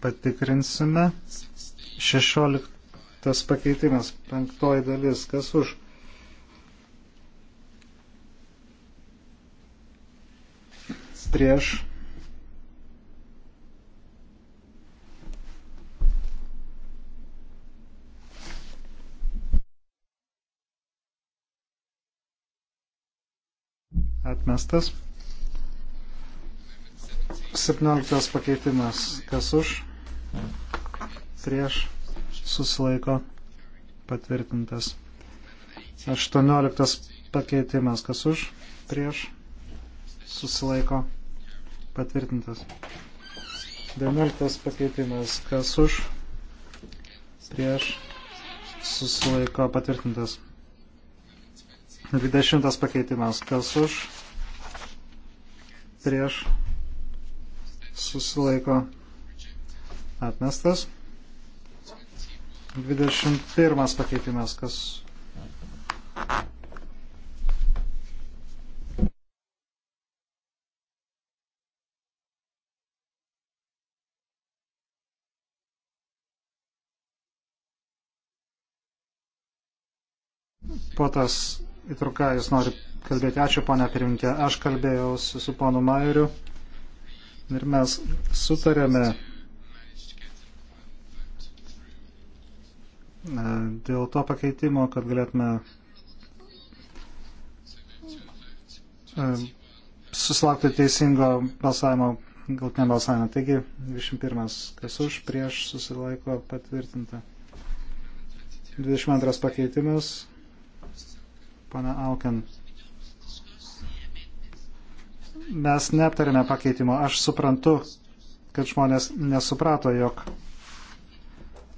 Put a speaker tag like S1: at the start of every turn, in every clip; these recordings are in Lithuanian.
S1: patikrinsime. 16 pakeitimas, penktoji dalis, kas už. Prieš. Atmestas. 17 pakeitimas. Kas už? Prieš susilaiko patvirtintas. 18 pakeitimas. Kas už? Prieš susilaiko patvirtintas. 19 pakeitimas. Kas už? Prieš susilaiko patvirtintas. 20 pakeitimas. Kas už? Prieš susilaiko atmestas. 21 pakeitimas, kas Potas įtruka, jis nori kalbėti. Ačiū, ponia pirminkė. Aš kalbėjau su, su ponu Mairiu. Ir mes sutarėme e, dėl to pakeitimo, kad galėtume e, susilaukti teisingo balsavimo, galtinio balsavimo. Taigi, 21. Kas už, prieš, susilaiko patvirtinta. 22. pakeitimas. Pana Auken mes neaptarėme pakeitimo. Aš suprantu, kad žmonės nesuprato, jog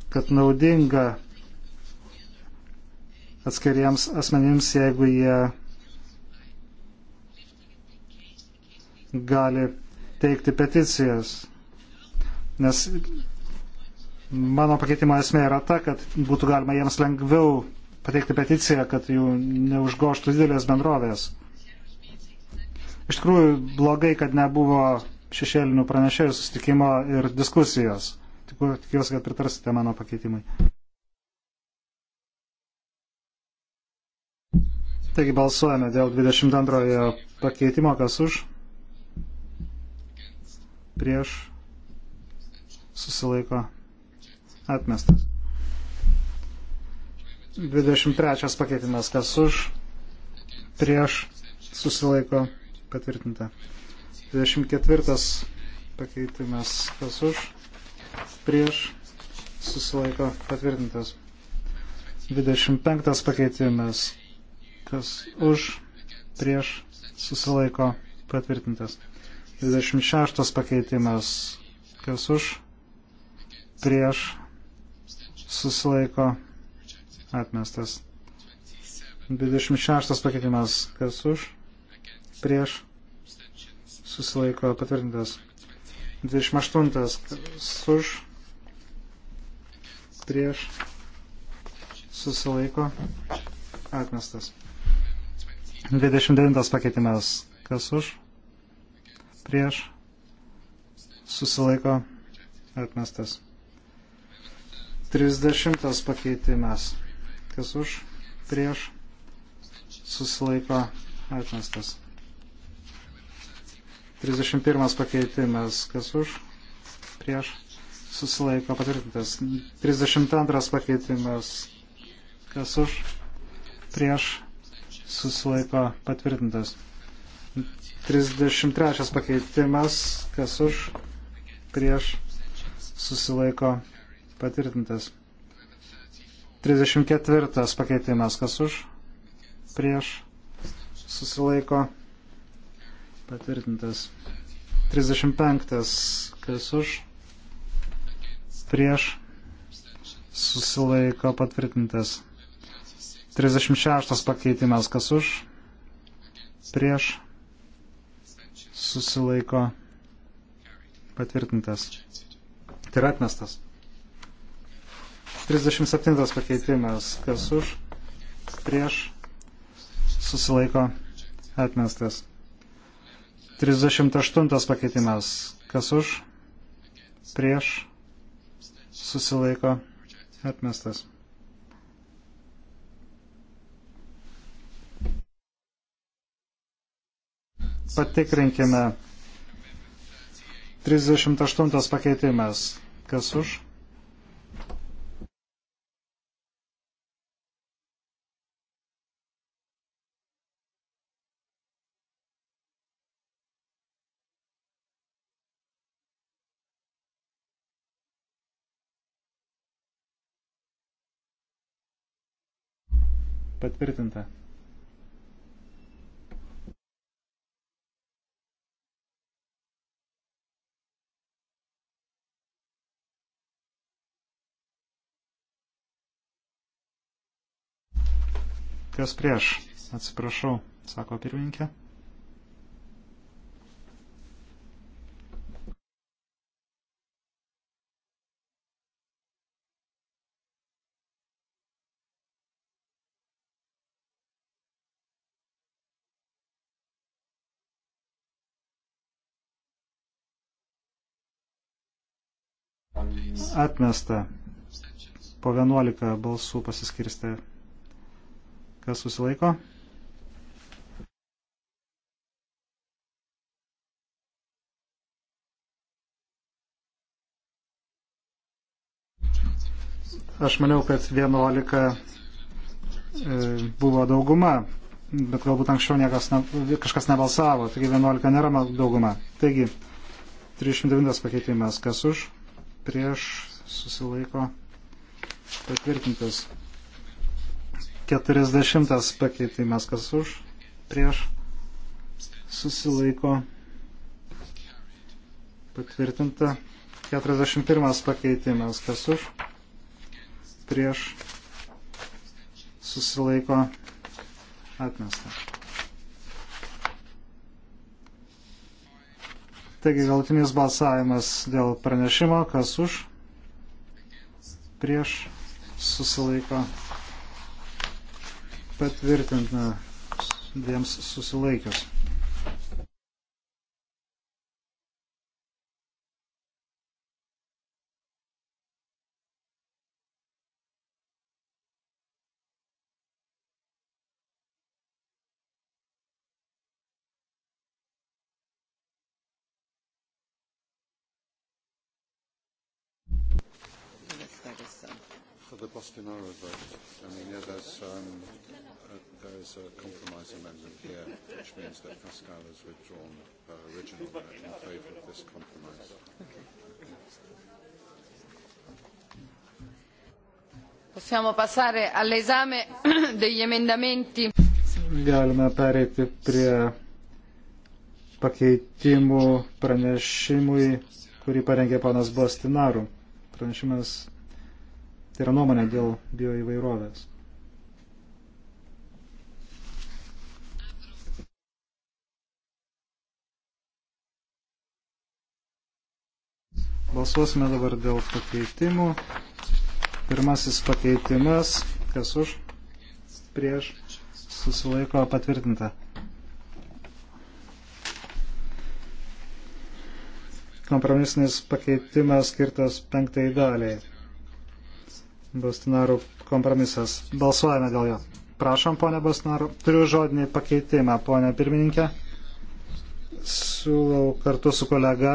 S1: kad naudinga atskiriems asmenims, jeigu jie gali teikti peticijas. Nes mano pakeitimo esmė yra ta, kad būtų galima jiems lengviau pateikti peticiją, kad jų neužgoštų didelės bendrovės. Iš tikrųjų blogai, kad nebuvo šešėlinių pranešėjų sustikimo ir diskusijos. Tikiuosi, kad pritarsite mano pakeitimai. Taigi balsuojame dėl 22 pakeitimo, kas už, prieš, susilaiko, atmestas. 23 pakeitimas, kas už, prieš, susilaiko, atmestas patvirtinta. 24 pakeitimas kas už, prieš, susilaiko patvirtintas. 25 pakeitimas kas už, prieš, susilaiko patvirtintas. 26 pakeitimas kas už, prieš, susilaiko atmestas. 26 pakeitimas kas už, prieš susilaiko patvirtintas. 28 už prieš susilaiko atmestas. 29 pakeitimas kas už prieš susilaiko atmestas. 30 pakeitimas kas už prieš susilaiko atmestas. 31 pakeitimas, kas už, prieš, susilaiko patvirtintas. 32 pakeitimas, kas už, prieš, susilaiko patvirtintas. 33 pakeitimas, kas už, prieš, susilaiko patvirtintas. 34 pakeitimas, kas už, prieš, susilaiko patvirtintas. 35. Kas už? Prieš susilaiko patvirtintas. 36 pakeitimas. Kas už? Prieš susilaiko patvirtintas. Tai yra atmestas. 37 pakeitimas. Kas už? Prieš susilaiko atmestas. 38 pakeitimas. Kas už? Prieš? Susilaiko? Atmestas. Patikrinkime. 38 pakeitimas. Kas už? Patvirtinta. Kas prieš? Atsiprašau, sako pirmininkė. atmesta. Po 11 balsų pasiskirstė. Kas susilaiko? Aš maniau, kad 11 e, buvo dauguma, bet galbūt anksčiau niekas ne, kažkas nebalsavo, taigi 11 nėra dauguma. Taigi, 309 pakeitimas, kas už? prieš susilaiko patvirtintas. 40 pakeitimas kas už prieš susilaiko patvirtinta. 41 pakeitimas kas už prieš susilaiko atmestą. Taigi galtinis balsavimas dėl pranešimo, kas už, prieš, susilaiko, patvirtintina dviems susilaikius.
S2: an oral vote? I mean, yeah, there's, um, uh, there is a compromise amendment here, which means that Pascal has withdrawn her original vote in favour of this compromise. Okay. Possiamo passare all'esame degli emendamenti.
S1: Galime pereiti prie pakeitimų pranešimui, kurį parengė panas Bostinaru. Pranešimas Tai yra nuomonė dėl bioįvairovės. Balsuosime dabar dėl pakeitimų. Pirmasis pakeitimas, kas už, prieš, susilaiko patvirtinta. Kompromisinis pakeitimas skirtas penktai daliai. Bastinarų kompromisas. Balsuojame dėl jo. Prašom, ponė Bastinarų. Turiu žodinį pakeitimą, ponė pirmininkė. Siūlau kartu su kolega,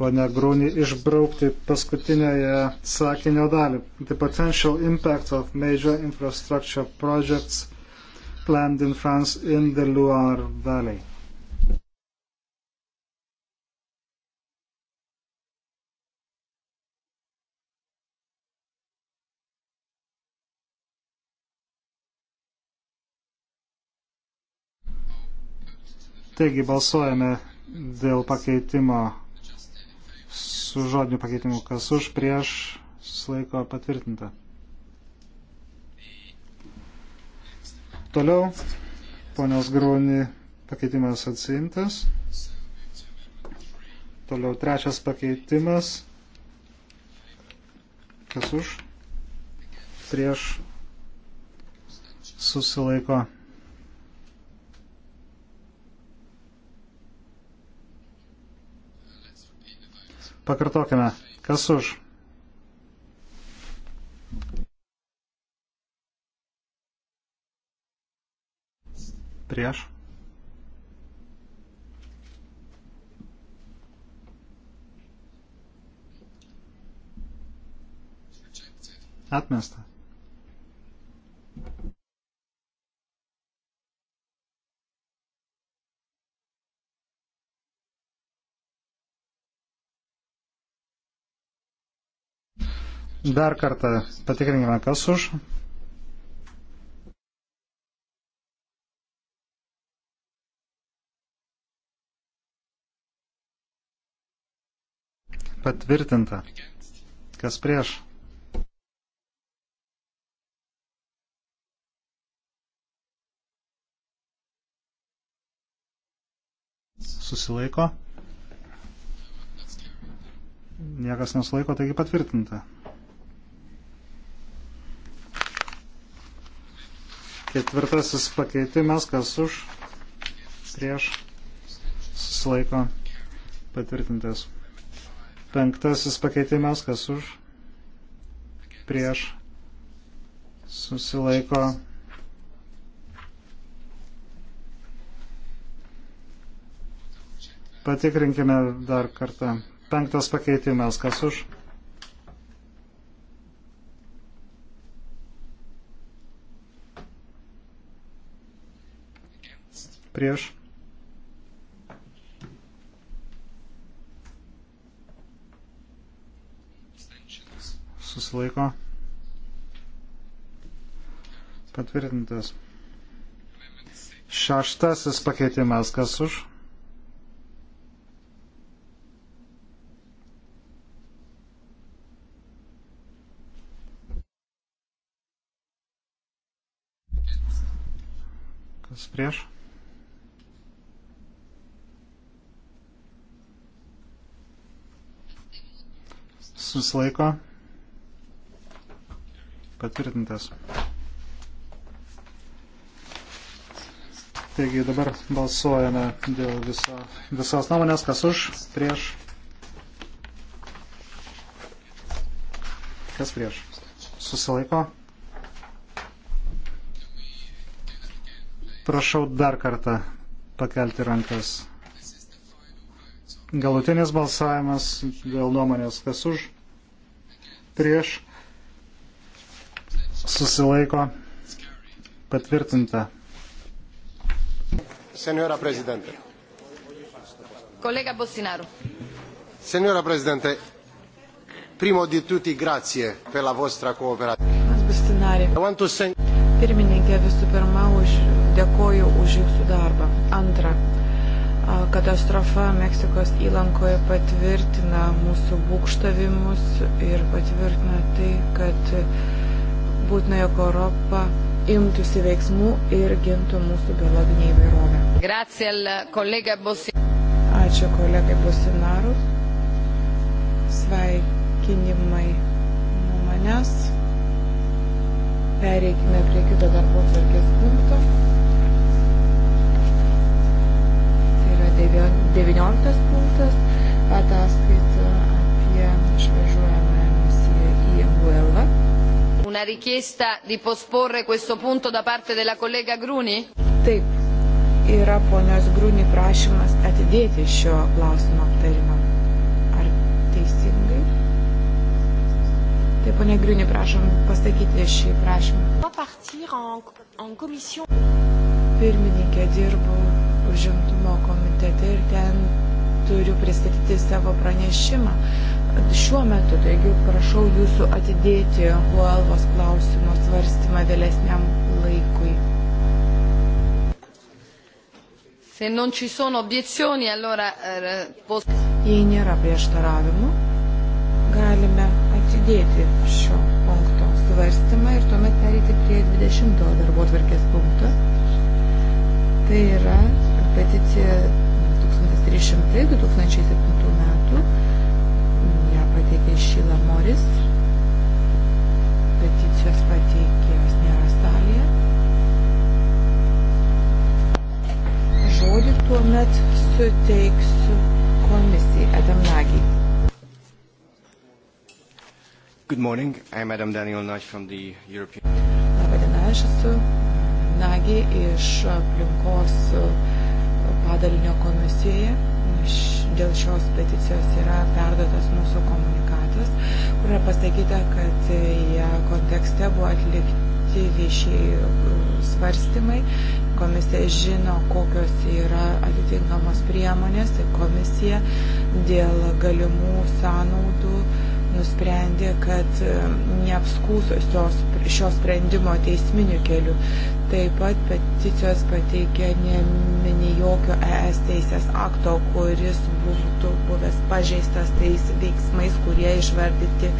S1: ponė Grūni, išbraukti paskutinėje sakinio dalį. The potential impact of major infrastructure projects planned in France in the Loire Valley. Taigi balsuojame dėl pakeitimo su žodiniu pakeitimu, kas už prieš susilaiko patvirtinta. Toliau ponios Grūni pakeitimas atsiimtas. Toliau trečias pakeitimas. Kas už? Prieš susilaiko patvirtinta Pakartokime, kas už. Prieš. Atmesta. Dar kartą patikrinkime, kas už. Patvirtinta. Kas prieš? Susilaiko. Niekas nesulaiko, taigi patvirtinta. Ketvirtasis pakeitimas, kas už, prieš, susilaiko, patvirtintas. Penktasis pakeitimas, kas už, prieš, susilaiko. Patikrinkime dar kartą. Penktas pakeitimas, kas už, prieš prieš. Susilaiko. Patvirtintas. Šeštasis pakeitimas, kas už? Kas prieš? susilaiko patvirtintas. Taigi dabar balsuojame dėl viso, visos nuomonės, kas už, prieš, kas prieš, susilaiko. Prašau dar kartą pakelti rankas. Galutinis balsavimas dėl nuomonės, kas už, prieš susilaiko patvirtinta. Senora prezidentė.
S2: Kolega Bostinaru.
S1: Senora prezidentė, primo di tutti grazie per la vostra cooperazione.
S3: Pirmininkė, visų pirma, už, dėkoju už jūsų darbą. Antra, Katastrofa Meksikos įlankoje patvirtina mūsų būkštavimus ir patvirtina tai, kad būtina, jog Europa imtųsi veiksmų ir gintų mūsų biologinį įvairovę. Ačiū kolegai Businarus. Sveikinimai nuo manęs. Pereikime prie kito darbo tvarkės punkto. 19 punktas ataskaita apie išvažiuojamą misiją į Anguelą.
S2: Una richiesta di posporre questo punto da parte della collega Gruni? Taip,
S3: yra ponios Gruni prašymas atidėti šio klausimo aptarimą. Ar teisingai? Taip, ponia Gruni, prašom pasakyti šį prašymą. Pirmininkė dirbo užimtumo komitete komitete ir ten turiu pristatyti savo pranešimą šiuo metu, taigi prašau jūsų atidėti Huelvos klausimo svarstymą vėlesniam laikui. Se non ci sono obiezioni, allora... Eh, Jei nėra prieštaravimų, galime atidėti šio punkto svarstymą ir tuomet pereiti prie 20 darbo tvarkės punkto. Tai yra peticija 300 2007 metų. Ja pateikė Šyla Moris. Peticijos pateikėjos nėra salėje. Žodį tuomet suteiksiu komisijai Adam Nagy.
S2: Good morning, I'm Adam Daniel Nagy from the European.
S3: Labadiena, aš esu Nagy iš aplinkos uh, padalinio komisijoje. Dėl šios peticijos yra perdotas mūsų komunikatas, kur yra pasakyta, kad e, jie kontekste buvo atlikti viešiai e, svarstymai. Komisija žino, kokios yra atitinkamos priemonės ir komisija dėl galimų sąnaudų nusprendė, kad e, neapskūsos šio sprendimo teisminiu keliu. Taip pat peticijos pateikė nemini jokio ES teisės akto, kuris būtų buvęs pažeistas tais veiksmais, kurie išvardyti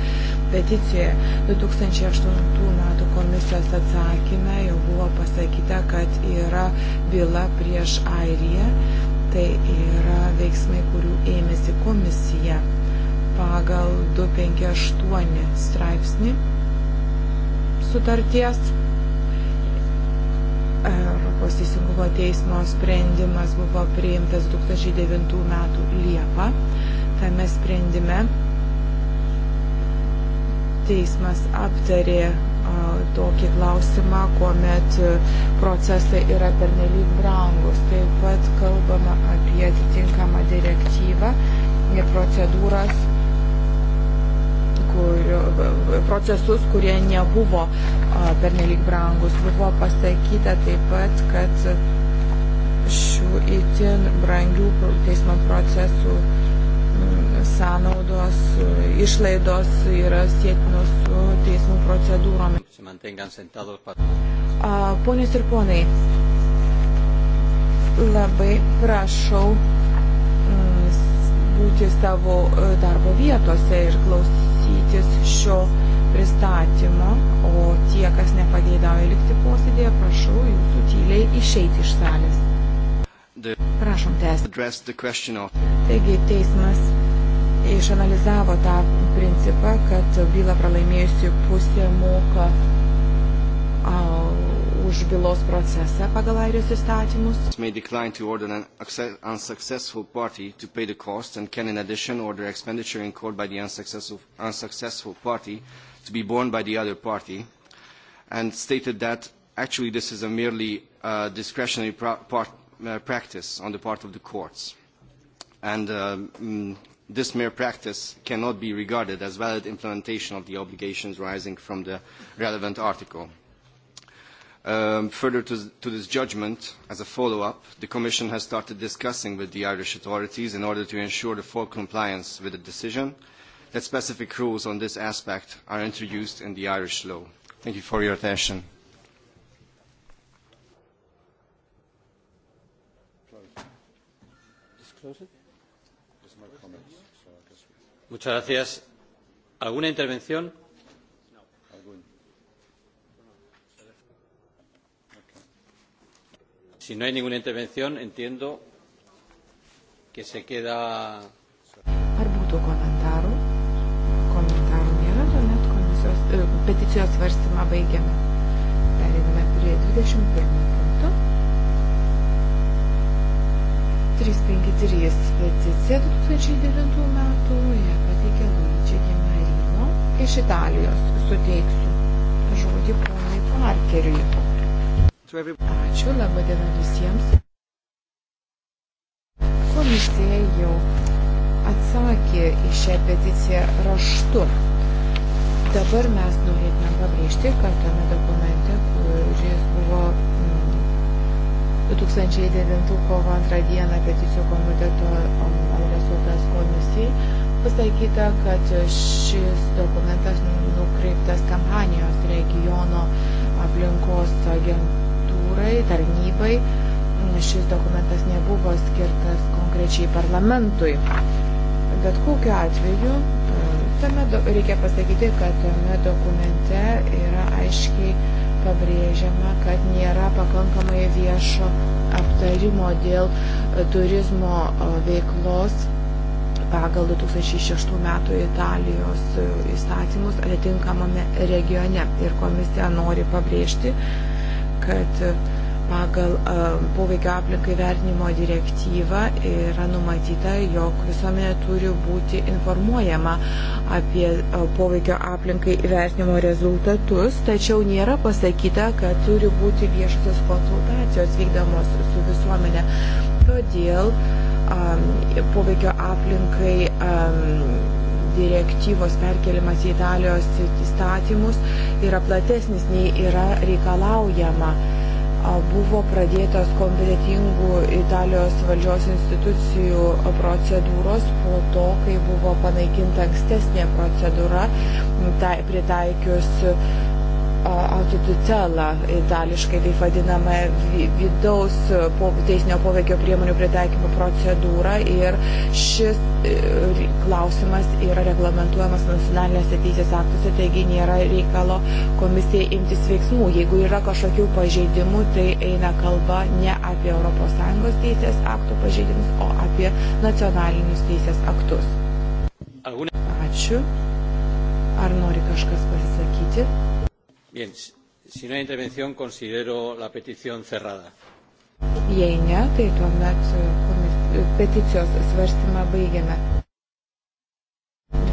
S3: peticijoje. 2008 m. komisijos atsakyme jau buvo pasakyta, kad yra byla prieš Airiją, tai yra veiksmai, kurių ėmėsi komisija pagal 258 straipsnį sutarties. Europos teisingumo teismo sprendimas buvo priimtas 2009 metų Liepą. Tame sprendime teismas aptarė tokį klausimą, kuomet procesai yra pernelyg brangus. Taip pat kalbama apie atitinkamą direktyvą ir procedūras kurio, e, procesus, kurie nebuvo pernelyg brangus. Buvo pasakyta taip pat, kad šių itin brangių teismo procesų sąnaudos, išlaidos yra sėtinos su teismų procedūromis. Ponius ir ponai, labai prašau būti savo e, darbo vietose ir klausyti klausytis šio pristatymo, o tie, kas nepageidauja likti posėdėje, prašau jūsų tyliai išeiti iš salės.
S2: Prašom tęsti.
S3: Taigi teismas išanalizavo tą principą, kad bylą pralaimėjusi pusė moka už bylos procesą pagal airijos įstatymus.
S2: And stated that actually this is a merely uh, discretionary pra part, uh, practice on the part of the courts. And uh, mm, this mere practice cannot be regarded as valid implementation of the obligations rising from the relevant article. Um, further to, to this judgment, as a follow-up, the Commission has started discussing with the Irish authorities in order to ensure the full compliance with the decision that specific rules on this aspect are introduced in the Irish law. Thank you for your attention.
S4: Muchas gracias. ¿Alguna intervención? Si no hay ninguna intervención, entiendo que se queda. Ar
S3: būtų komentarų? Komentarų nėra, tuomet komisijos, e, peticijos svarstymą baigiame. Pereiname prie 21 punkto. 353 peticija 2009 metų, ją pateikė Luigi Gimarino iš Italijos. Suteiksiu žodį ponui Parkeriui. Ačiū, laba diena visiems. Komisija jau atsakė į šią peticiją raštu. Dabar mes norėtume pabrėžti, kad tame dokumente, kuris buvo 2009 mm, kovo 2 dieną peticijų komiteto adresuotas komisijai, pasakyta, kad šis dokumentas nukreiptas kampanijos regiono aplinkos agentūros agentūrai, tarnybai. Šis dokumentas nebuvo skirtas konkrečiai parlamentui. Bet kokiu atveju, e, tame reikia pasakyti, kad tame dokumente yra aiškiai pabrėžiama, kad nėra pakankamai viešo aptarimo dėl e, turizmo e, veiklos pagal 2006 metų Italijos įstatymus atitinkamame regione. Ir komisija nori pabrėžti, kad e, pagal e, poveikio aplinkai vertinimo direktyvą yra numatyta, jog visuomenė turi būti informuojama apie e, poveikio aplinkai vertinimo rezultatus, tačiau nėra pasakyta, kad turi būti viešosios konsultacijos vykdamos su visuomenė. Todėl um, poveikio aplinkai um, direktyvos perkelimas į Italijos įstatymus yra platesnis nei yra reikalaujama. Buvo pradėtos kompetentingų Italijos valdžios institucijų procedūros po to, kai buvo panaikinta ankstesnė procedūra, tai, pritaikius uh, agitutela, itališkai taip vadinama vidaus teisinio poveikio priemonių pritaikymo procedūra ir šis e, klausimas yra reglamentuojamas nacionalinėse teisės aktuose, taigi nėra reikalo komisijai imtis veiksmų. Jeigu yra kažkokių pažeidimų, tai eina kalba ne apie ES teisės aktų pažeidimus, o apie nacionalinius teisės aktus. Ačiū. Ar nori kažkas pasisakyti?
S4: Bien, si no hay intervención, considero la petición cerrada. Jei
S3: ne, tai tuomet e, komis... E, peticijos svarstymą baigiame.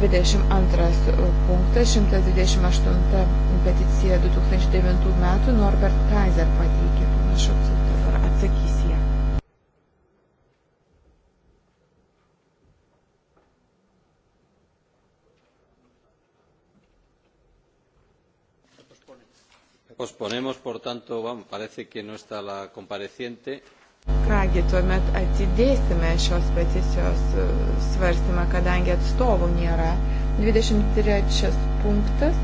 S3: 22 e, punktas, 128 peticija 2009 metų Norbert Kaiser pateikė. Panašu, dabar atsakys.
S4: Posponemos, por tanto, vam, parece que no está la compareciente.
S3: Kągi, tuomet atidėsime šios peticijos e, svarstymą, kadangi atstovų nėra. 23 punktas.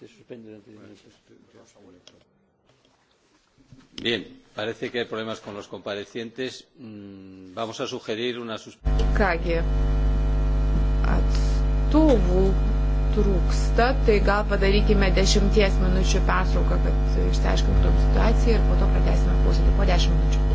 S4: Se suspende durante 10 minutos. Bien, parece que hay problemas con los comparecientes. Mm, vamos a sugerir una suspensión.
S3: Kągi, atstovų trūksta, tai gal padarykime dešimties minučių pertrauką, kad išsiaiškintum situaciją ir po to pratęsime posėdį po dešimt minučių.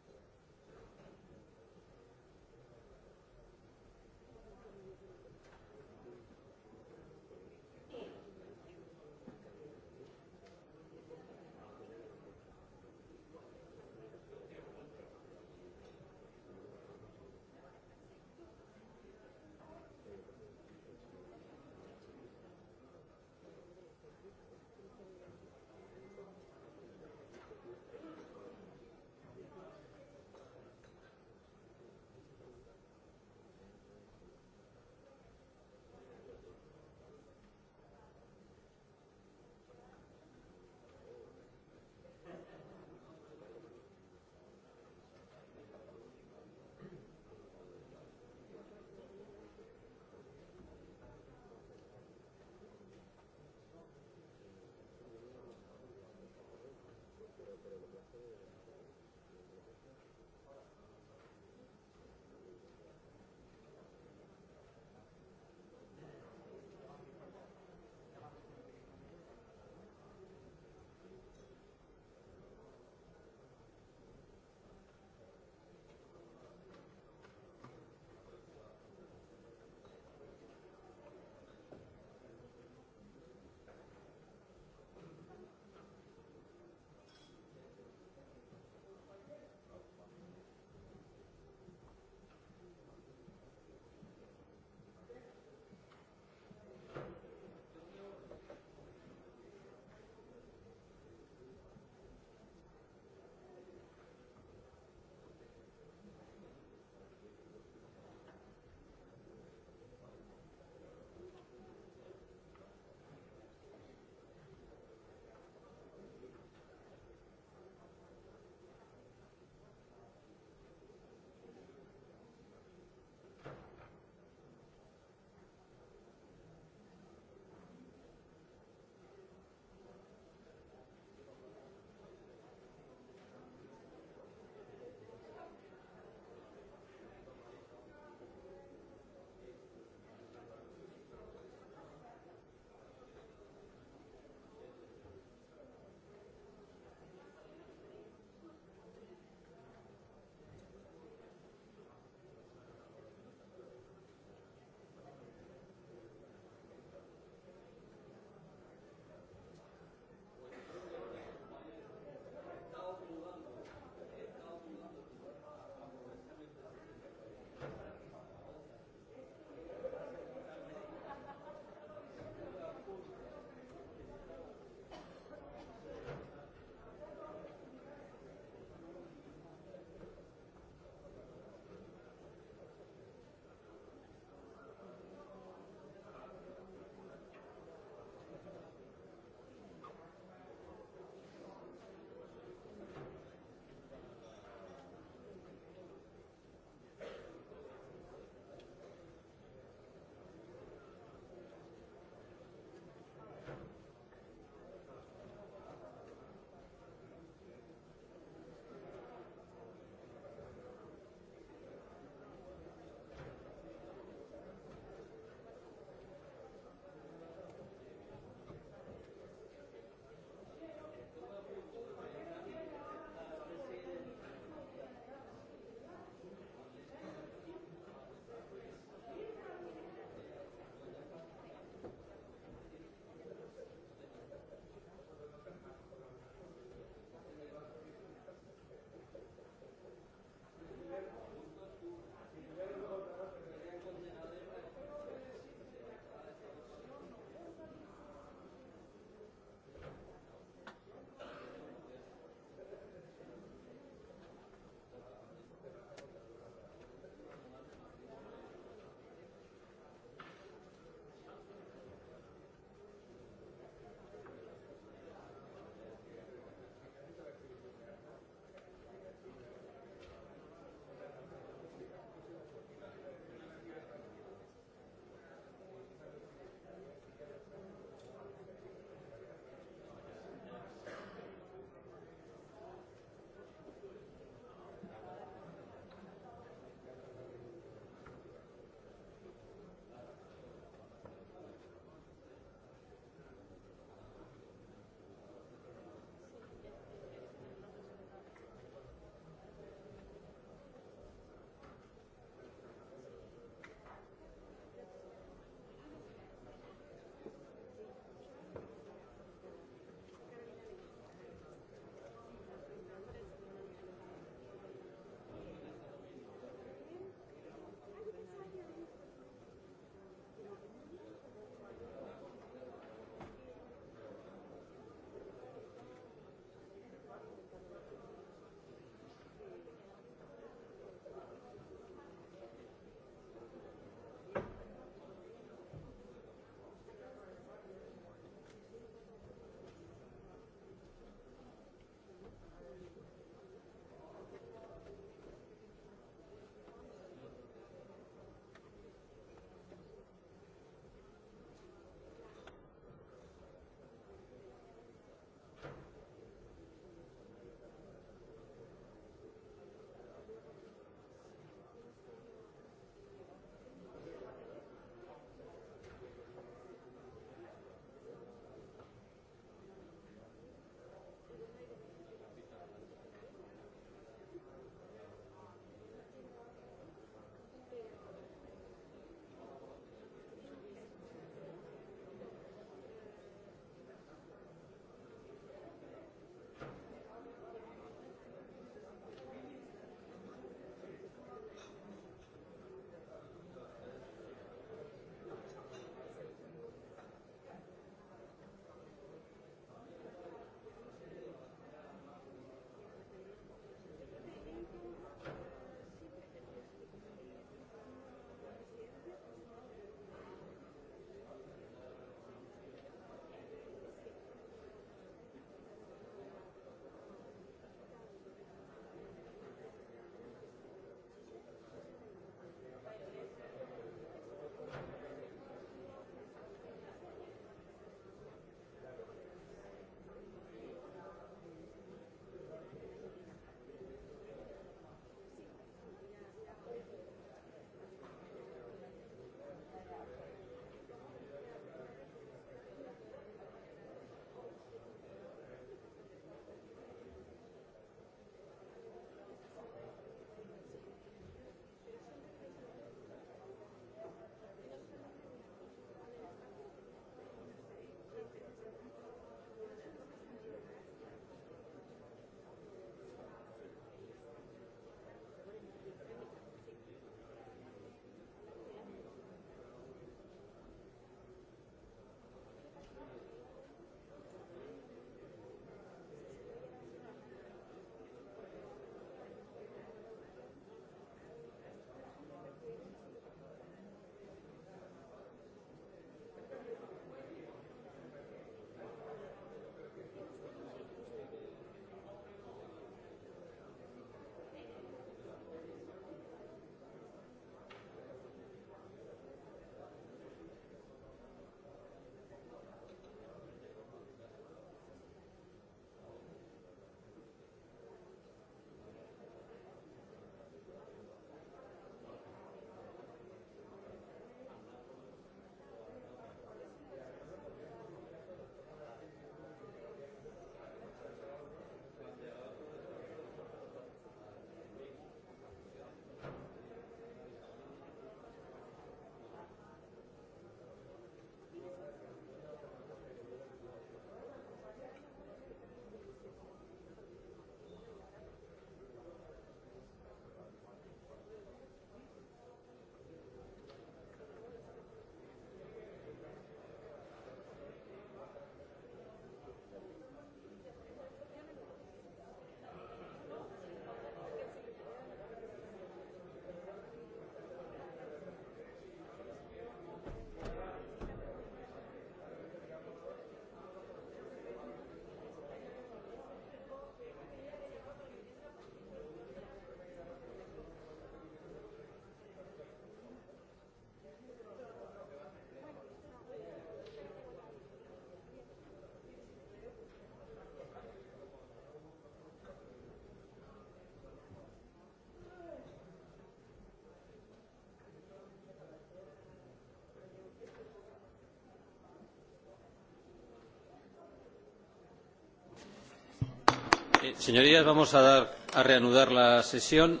S4: señorías vamos a, dar, a reanudar la sesión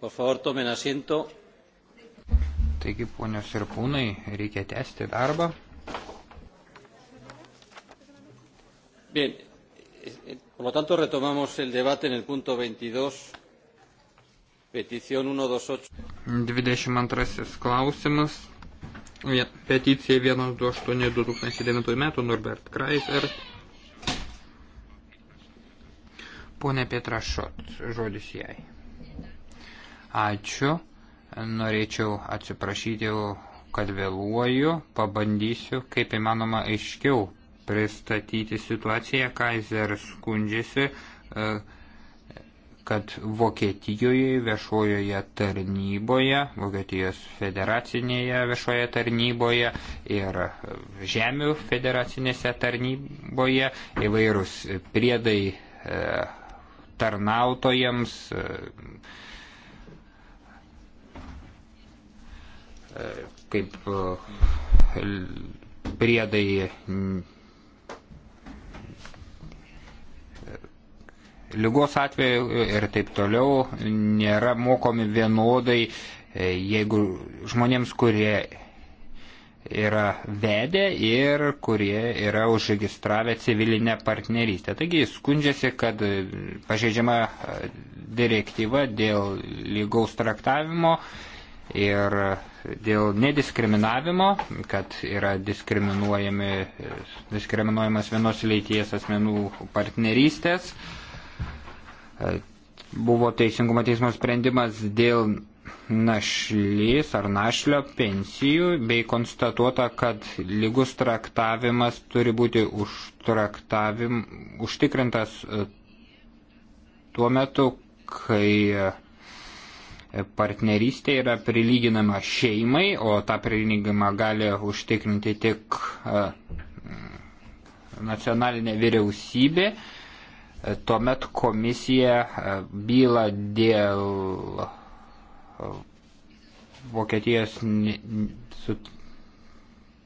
S4: por favor tomen asiento
S5: taigi ponios ir ponai reikia tęsti darbą
S4: bien por lo tanto retomamos el debate en el punto 22 petición 128
S5: 22 klausimas peticija 128 2009 metų Norbert Kreiser Pone Pietrašot, žodis jai. Ačiū. Norėčiau atsiprašyti, kad vėluoju. Pabandysiu, kaip įmanoma, aiškiau pristatyti situaciją. Kaiser skundžiasi, e, kad Vokietijoje viešojoje tarnyboje, Vokietijos federacinėje viešoje tarnyboje ir žemių federacinėse tarnyboje įvairūs priedai e, tarnautojams, e, e, kaip e, priedai lygos atveju ir taip toliau nėra mokomi vienodai, jeigu žmonėms, kurie yra vedę ir kurie yra užregistravę civilinę partnerystę. Taigi jis skundžiasi, kad pažeidžiama e, direktyva dėl lygaus traktavimo ir e, dėl nediskriminavimo, kad yra e, diskriminuojamas vienos leities asmenų partnerystės. Buvo teisingumo teismo sprendimas dėl našlės ar našlio pensijų, bei konstatuota, kad lygus traktavimas turi būti užtikrintas e, tuo metu, kai e, partnerystė yra prilyginama šeimai, o tą prilyginimą gali užtikrinti tik e, nacionalinė vyriausybė. Tuomet komisija byla dėl Vokietijos su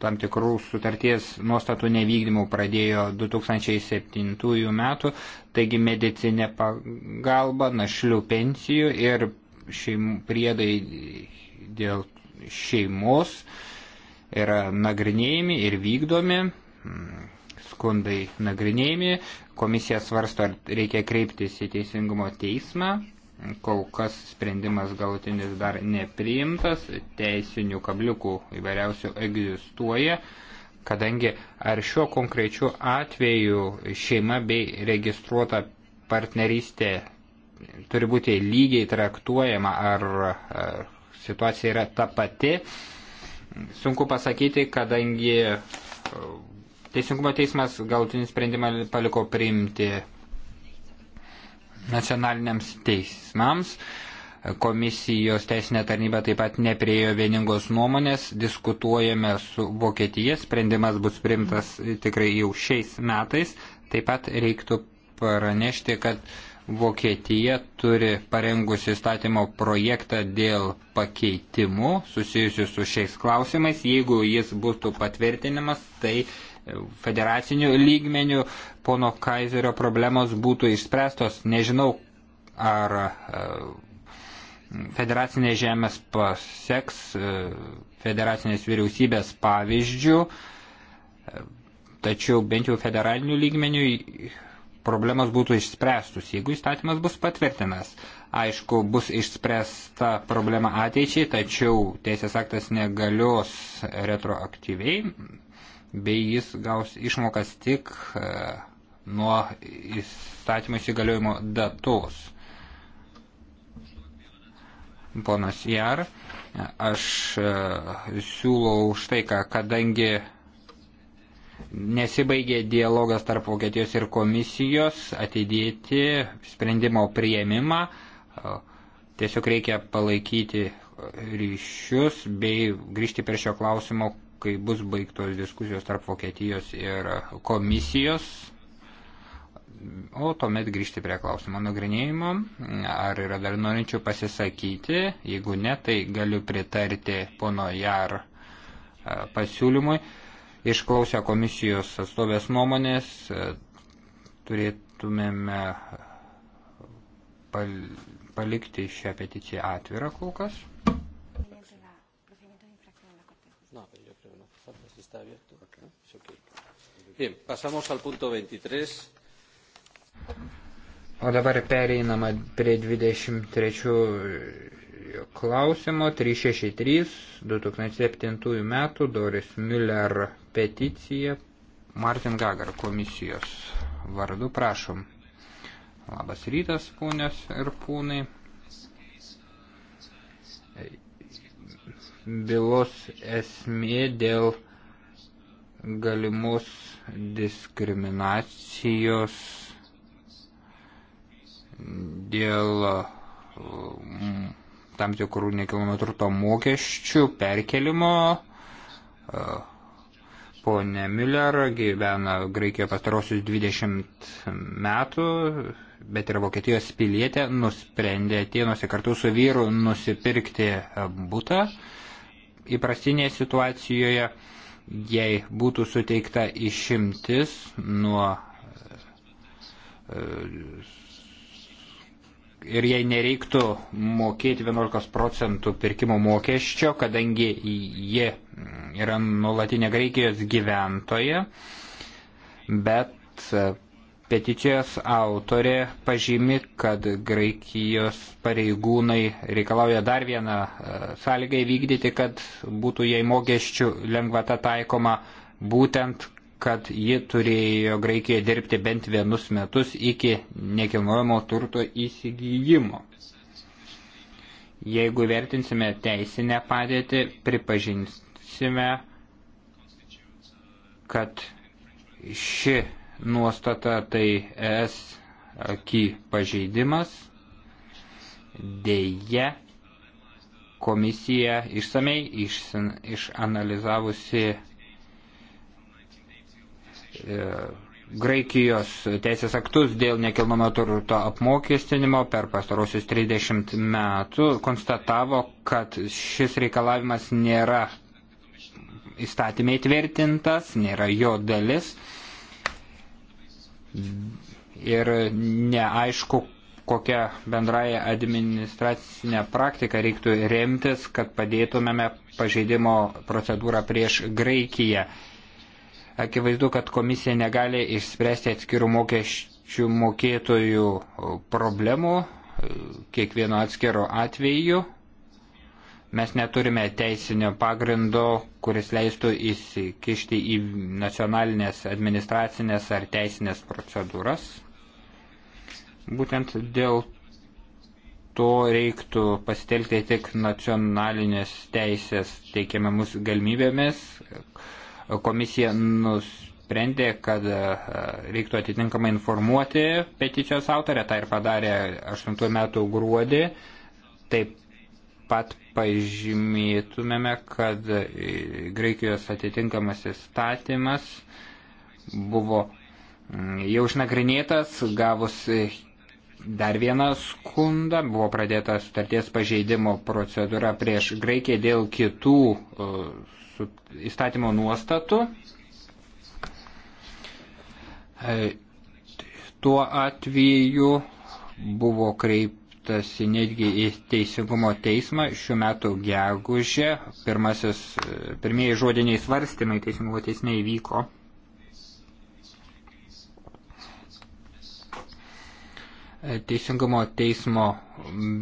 S5: tam tikrų sutarties nuostatų nevykdymų pradėjo 2007 metų, taigi medicinė pagalba, našlių pensijų ir šeim, priedai dėl šeimos yra nagrinėjami ir vykdomi, hmm, skundai nagrinėjami, komisija svarsto, ar reikia kreiptis į teisingumo teismą kol kas sprendimas galutinis dar nepriimtas, teisinių kabliukų įvairiausių egzistuoja, kadangi ar šiuo konkrečiu atveju šeima bei registruota partnerystė turi būti lygiai traktuojama, ar situacija yra ta pati, sunku pasakyti, kadangi e, Teisingumo teismas galutinį sprendimą paliko priimti nacionaliniams teismams. Komisijos teisinė tarnyba taip pat nepriejo vieningos nuomonės, diskutuojame su Vokietija, sprendimas bus primtas tikrai jau šiais metais. Taip pat reiktų pranešti, kad Vokietija turi parengusi įstatymo projektą dėl pakeitimų susijusių su šiais klausimais. Jeigu jis būtų patvirtinimas, tai federaciniu lygmeniu pono Kaiserio problemos būtų išspręstos. Nežinau, ar e, federacinės žemės paseks e, federacinės vyriausybės pavyzdžių, e, tačiau bent jau federaliniu lygmeniu problemos būtų išspręstus, jeigu įstatymas bus patvirtinas. Aišku, bus išspręsta problema ateičiai, tačiau teisės aktas negalios retroaktyviai, bei jis gaus išmokas tik e, nuo įstatymo įsigaliojimo datos. Ponas Jar, aš e, siūlau štai ką, kadangi nesibaigė dialogas tarp Vokietijos ir komisijos atidėti sprendimo prieimimą, tiesiog reikia palaikyti ryšius bei grįžti prie šio klausimo kai bus baigtos diskusijos tarp Vokietijos ir komisijos, o tuomet grįžti prie klausimo nagrinėjimo, ar yra dar norinčių pasisakyti, jeigu ne, tai galiu pritarti pono JAR e, pasiūlymui. Išklausę komisijos atstovės nuomonės, e, turėtumėme e, palikti šią peticiją atvirą kol kas.
S4: Bien, pasamos al punto 23.
S5: O dabar pereinama prie 23 e, klausimo 363 2007 metų Doris Müller peticija Martin Gagar komisijos vardu prašom. Labas rytas, pūnės ir pūnai. E, Bilos esmė dėl galimus diskriminacijos dėl mm, tam tikrų nekilnojamo turto mokesčių perkelimo. Pone Miller gyvena Graikijoje pastarosius 20 metų, bet ir Vokietijos pilietė nusprendė atėnusi kartu su vyru nusipirkti būtą įprastinėje situacijoje jei būtų suteikta išimtis nuo e, ir jei nereiktų mokėti 11 procentų pirkimo mokesčio, kadangi jie yra nuolatinė Graikijos gyventoja, bet e, Peticijos autorė pažymi, kad Graikijos pareigūnai reikalauja dar vieną e, sąlygą įvykdyti, kad būtų jai mokesčių lengvata taikoma būtent, kad ji turėjo Graikijoje dirbti bent vienus metus iki nekilnojamo turto įsigijimo. Jeigu vertinsime teisinę padėtį, pripažinsime, kad ši nuostata, tai ES ky pažeidimas. Deja, komisija išsamei išanalizavusi e, Graikijos teisės aktus dėl nekilnojamo turto apmokestinimo per pastarosius 30 metų konstatavo, kad šis reikalavimas nėra įstatymai tvirtintas, nėra jo dalis ir neaišku, kokią bendrąją administracinę praktiką reiktų remtis, kad padėtumėme pažeidimo procedūrą prieš Graikiją. Akivaizdu, kad komisija negali išspręsti atskirų mokesčių mokėtojų problemų kiekvieno atskiro atveju, Mes neturime teisinio pagrindo, kuris leistų įsikišti į nacionalinės administracinės ar teisinės procedūras. Būtent dėl to reiktų pasitelkti tik nacionalinės teisės teikiamomis galimybėmis. Komisija nusprendė, kad e, reiktų atitinkamai informuoti peticijos autorę, tą ir padarė 8 metų gruodį. Taip pat pažymėtumėme, kad e, Graikijos atitinkamas įstatymas buvo mm, jau išnagrinėtas, gavus e, dar vieną skundą, buvo pradėta sutarties pažeidimo procedūra prieš Graikiją dėl kitų e, įstatymo nuostatų. Tuo atveju buvo kreip kreiptasi netgi į Teisingumo teismą šių metų gegužė. Pirmasis, pirmieji žodiniai svarstymai Teisingumo teisme įvyko. Teisingumo teismo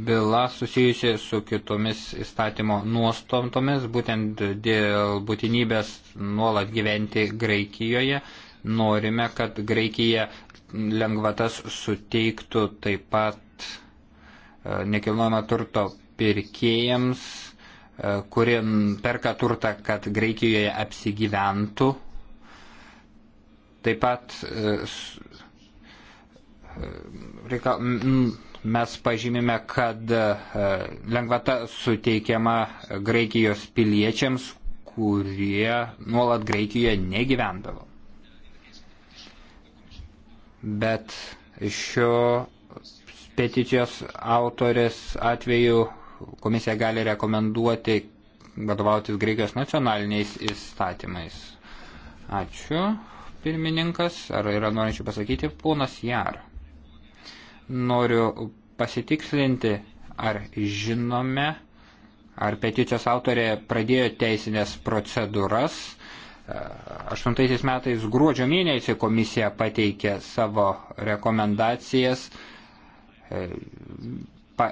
S5: byla susijusi su kitomis įstatymo nuostomtomis, būtent dėl būtinybės nuolat gyventi Graikijoje. Norime, kad Graikija lengvatas suteiktų taip pat nekilnojamo turto pirkėjams, e, kurie perka turtą, kad Graikijoje apsigyventų. Taip pat e, e, reika, mes pažymime, kad lengvata suteikiama Graikijos piliečiams, kurie nuolat Graikijoje negyvendavo. Bet šio peticijos autorės atveju komisija gali rekomenduoti vadovautis Greikijos nacionaliniais įstatymais. Ačiū, pirmininkas. Ar yra norinčių pasakyti, ponas Jar? Noriu pasitikslinti, ar žinome, ar peticijos autorė pradėjo teisinės procedūras. Aštuntaisiais metais gruodžio mėnesį komisija pateikė savo rekomendacijas E, pa,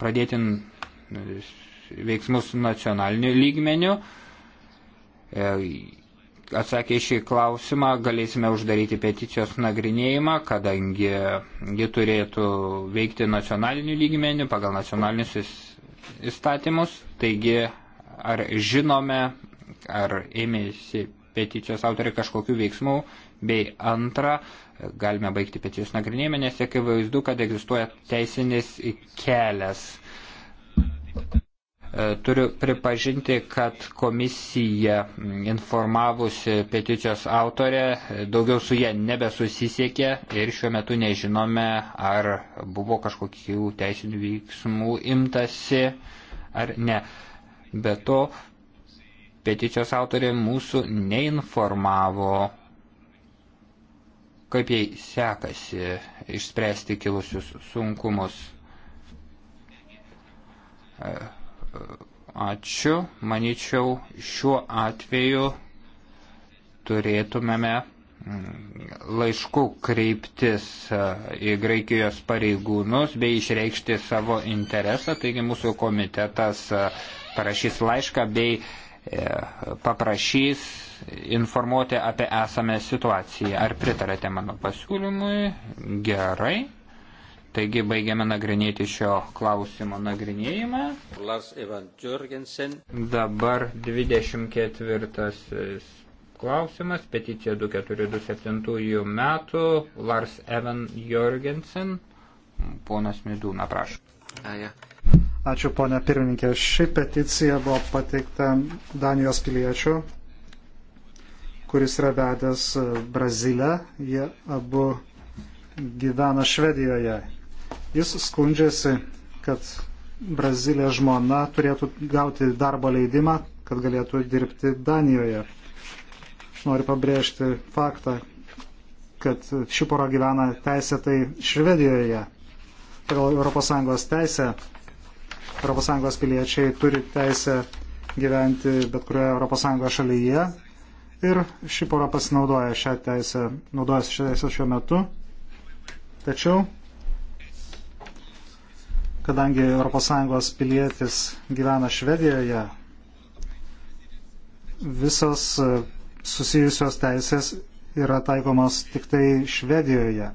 S5: pradėti e, veiksmus nacionaliniu lygmeniu. E, Atsakę šį klausimą galėsime uždaryti peticijos nagrinėjimą, kadangi ji turėtų veikti nacionaliniu lygmeniu pagal nacionalinius įstatymus. Taigi, ar žinome, ar ėmėsi peticijos autoriai kažkokių veiksmų, bei antra, galime baigti pečius nagrinėjimą, nes akivaizdu, kad egzistuoja teisinis kelias. E, turiu pripažinti, kad komisija informavusi peticijos autorė e, daugiau su jie nebesusisiekė ir šiuo metu nežinome, ar buvo kažkokių teisinių veiksmų imtasi ar ne. Be to, peticijos autorė mūsų neinformavo kaip jai sekasi išspręsti kilusius sunkumus. Ačiū, manyčiau, šiuo atveju turėtumėme mm, laišku kreiptis e, į Graikijos pareigūnus bei išreikšti savo interesą. Taigi mūsų komitetas e, parašys laišką bei e, paprašys informuoti apie esamę situaciją. Ar pritarėte mano pasiūlymui? Gerai. Taigi baigiame nagrinėti šio klausimo nagrinėjimą. Dabar 24 klausimas, peticija 2427 metų, Lars Evan Jorgensen, ponas Midūna, prašau. Aja.
S1: Ačiū, ponia pirmininkė. Ši peticija buvo pateikta Danijos piliečių kuris yra vedęs e, Brazilę. Jie abu gyvena Švedijoje. Jis skundžiasi, kad Brazilės žmona turėtų gauti darbo leidimą, kad galėtų dirbti Danijoje. Noriu pabrėžti faktą, kad ši pora gyvena teisėtai Švedijoje. Pagal ES teisę ES piliečiai turi teisę gyventi bet kurioje ES šalyje, ir ši pora pasinaudoja šią teisę, naudojasi šią teisę šiuo metu. Tačiau, kadangi ES pilietis gyvena Švedijoje, visos e, susijusios teisės yra taikomos tik tai Švedijoje.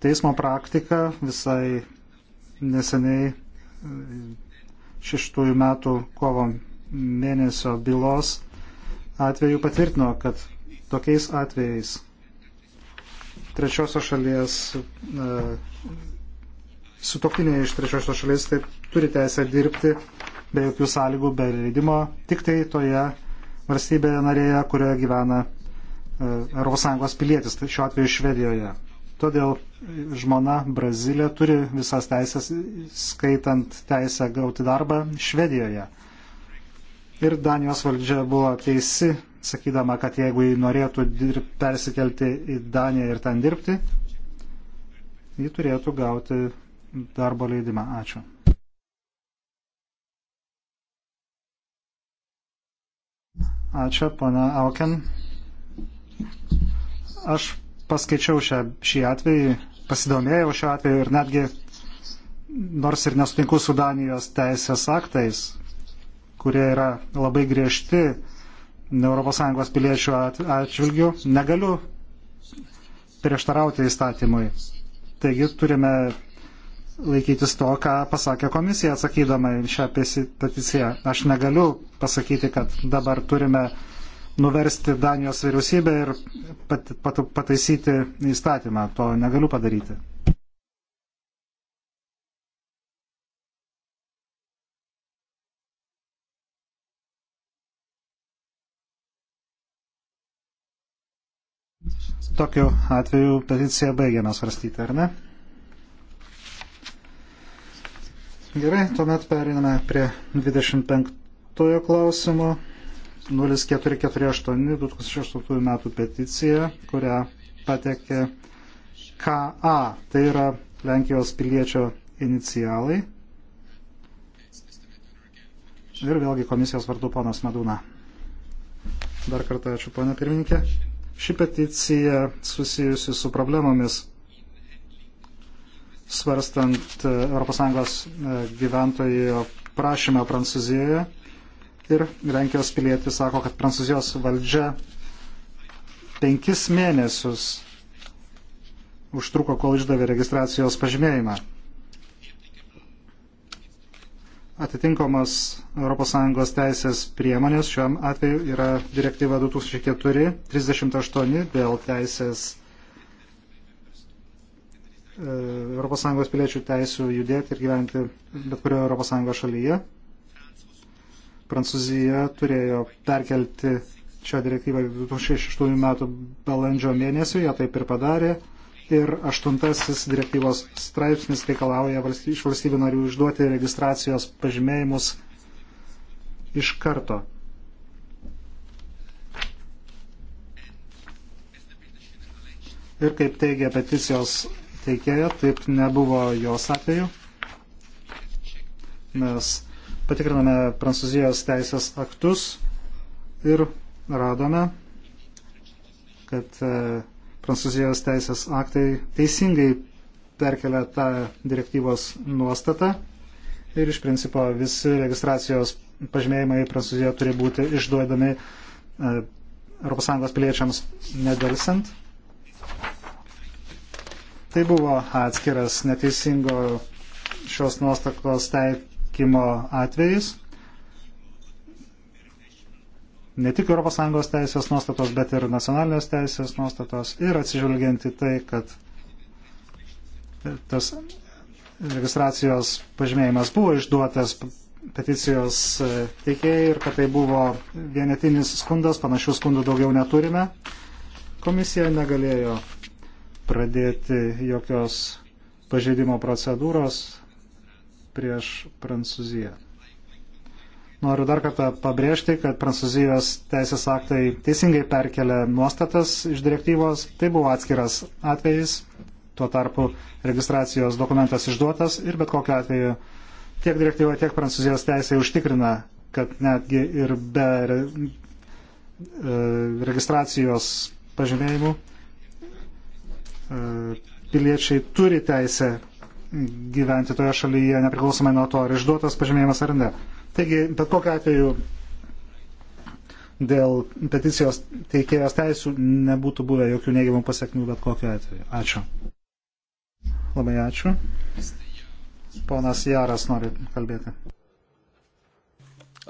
S1: Teismo praktika visai neseniai e, šeštųjų metų kovo mėnesio bylos atveju patvirtino, kad tokiais atvejais trečiosios šalies, e, sutoktiniai iš trečiosios šalies taip turi teisę dirbti be jokių sąlygų, be leidimo, tik tai toje valstybėje narėje, kurioje gyvena ES pilietis, tai šiuo atveju Švedijoje. Todėl žmona Brazilė turi visas teisės, skaitant teisę gauti darbą Švedijoje. Ir Danijos valdžia buvo teisi, sakydama, kad jeigu jį norėtų dirb, persikelti į Daniją ir ten dirbti, jį turėtų gauti darbo leidimą. Ačiū. Ačiū, pana Auken. Aš paskaičiau šią, šį atvejį, pasidomėjau šiuo atveju ir netgi, nors ir nesutinku su Danijos teisės aktais, kurie yra labai griežti ES piliečių atžvilgių, negaliu prieštarauti įstatymui. Taigi turime laikytis to, ką pasakė komisija atsakydama į šią peticiją. Aš negaliu pasakyti, kad dabar turime nuversti Danijos vyriausybę ir pat, pat, pataisyti įstatymą. To negaliu padaryti. Tokiu atveju peticiją baigiame svarstyti, ar ne? Gerai, tuomet periname prie 25 klausimo. 0448 2008 metų peticija, kurią patekė KA, tai yra Lenkijos piliečio inicialai. Ir vėlgi komisijos vardu ponas Madūna. Dar kartą ačiū, ponė pirmininkė. Ši peticija susijusi su problemomis svarstant ES e, gyventojų prašymą Prancūzijoje ir Lenkijos pilietis sako, kad Prancūzijos valdžia penkis mėnesius užtruko, kol išdavė registracijos pažymėjimą atitinkamas ES teisės priemonės šiuo atveju yra direktyva 2004-38 dėl teisės e, ES piliečių teisų judėti ir gyventi bet kurioje ES šalyje. Prancūzija turėjo perkelti šią direktyvą 2006 metų balandžio mėnesį, ją taip ir padarė ir aštuntasis direktyvos straipsnis reikalauja iš valstybių narių išduoti registracijos pažymėjimus iš karto. Ir kaip teigia peticijos teikėja, taip nebuvo jos atveju. Mes patikriname Prancūzijos teisės aktus ir radome, kad e, Prancūzijos teisės aktai teisingai perkelia tą direktyvos nuostatą ir iš principo visi registracijos pažymėjimai Prancūzijoje turi būti išduodami ES piliečiams nedelsant. Tai buvo atskiras neteisingo šios nuostatos taikymo atvejis ne tik ES teisės nuostatos, bet ir nacionalinės teisės nuostatos ir atsižvelgiant į tai, kad tas registracijos pažymėjimas buvo išduotas peticijos teikėjai ir kad tai buvo vienetinis skundas, panašių skundų daugiau neturime. Komisija negalėjo pradėti jokios pažeidimo procedūros prieš Prancūziją. Noriu dar kartą pabrėžti, kad Prancūzijos teisės aktai teisingai perkelia nuostatas iš direktyvos. Tai buvo atskiras atvejis, tuo tarpu registracijos dokumentas išduotas ir bet kokiu atveju tiek direktyva, tiek Prancūzijos teisė užtikrina, kad netgi ir be re, e, registracijos pažymėjimų e, piliečiai turi teisę gyventi toje šalyje, nepriklausomai nuo to, ar išduotas pažymėjimas ar ne. Taigi, bet kokiu atveju dėl peticijos teikėjos teisų nebūtų buvę jokių neigiamų pasiekmių bet kokiu atveju. Ačiū. Labai ačiū. Ponas Jaras nori kalbėti.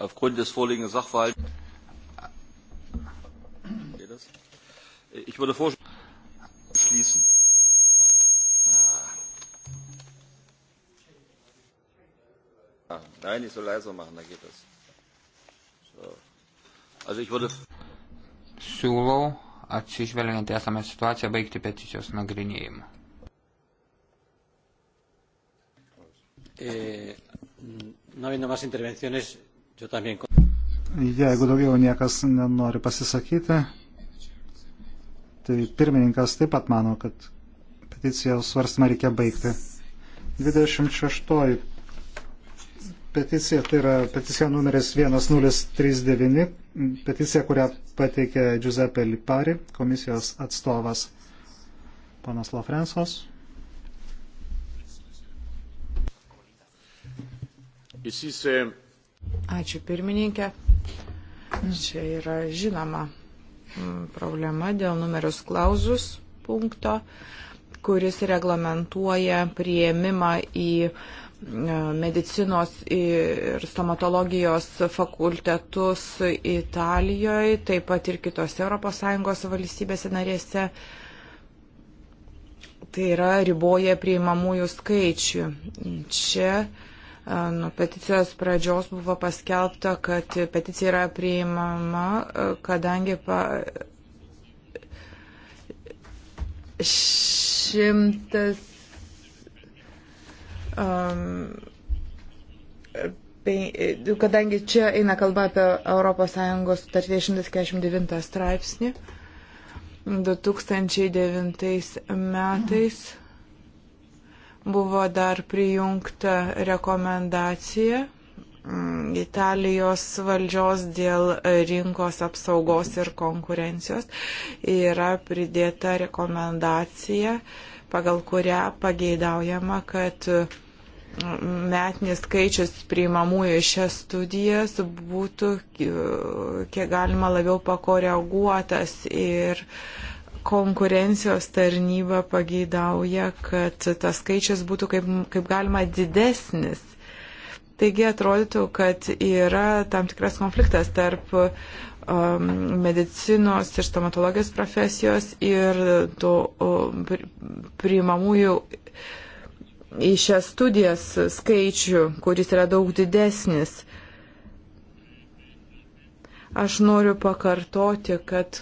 S4: Aufgrund des vorliegenden Sachverhalts. Ich würde vorschlagen. Ah, nein, ich soll leiser machen, da geht das. So. Also ich würde...
S5: Siūlau, atsižvelgiant esamą situaciją, baigti peticijos nagrinėjimą.
S4: Eh, no habiendo más intervenciones, yo también...
S1: Jeigu daugiau niekas nenori pasisakyti, tai pirmininkas taip pat mano, kad peticijos svarstymą reikia baigti. 26 peticiją, tai yra peticija numeris 1039, peticija, kurią pateikė Giuseppe Lipari, komisijos atstovas panas Lofrensos.
S3: E, Ačiū pirmininkė. Čia yra žinoma mm, problema dėl numerus klausus punkto, kuris reglamentuoja prieimimą į uh, E, medicinos ir stomatologijos fakultetus Italijoje, taip pat ir kitose ES valstybėse narėse. Tai yra riboja priimamųjų skaičių. Čia e, nuo peticijos pradžios buvo paskelbta, kad peticija yra priimama, e, kadangi pa... 100 kadangi čia eina kalba apie ES sutarties 149 straipsnį, 2009 metais buvo dar prijungta rekomendacija mm, Italijos valdžios dėl rinkos apsaugos ir konkurencijos yra pridėta rekomendacija, pagal kurią pageidaujama, kad metinis skaičius priimamųjų į šias studijas būtų e, kiek galima labiau pakoreguotas ir konkurencijos tarnyba pageidauja, kad tas skaičius būtų kaip, kaip galima didesnis. Taigi atrodytų, kad yra tam tikras konfliktas tarp um, medicinos ir stomatologijos profesijos ir to um, priimamųjų į šias studijas skaičių, kuris yra daug didesnis. Aš noriu pakartoti, kad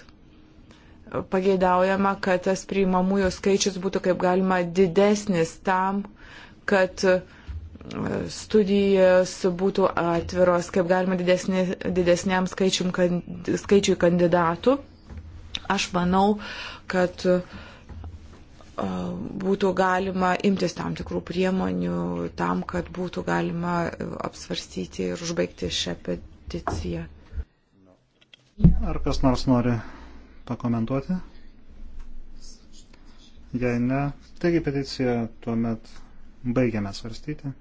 S3: pageidaujama, kad tas priimamųjų skaičius būtų kaip galima didesnis tam, kad e, studijos būtų atviros kaip galima didesnė, didesniam skaičium, kan, skaičiui kandidatų. Aš manau, kad uh, būtų galima imtis tam tikrų priemonių tam, kad būtų galima apsvarstyti ir užbaigti šią peticiją.
S1: Ar kas nors nori pakomentuoti? Jei ne, taigi peticiją tuomet baigiame svarstyti.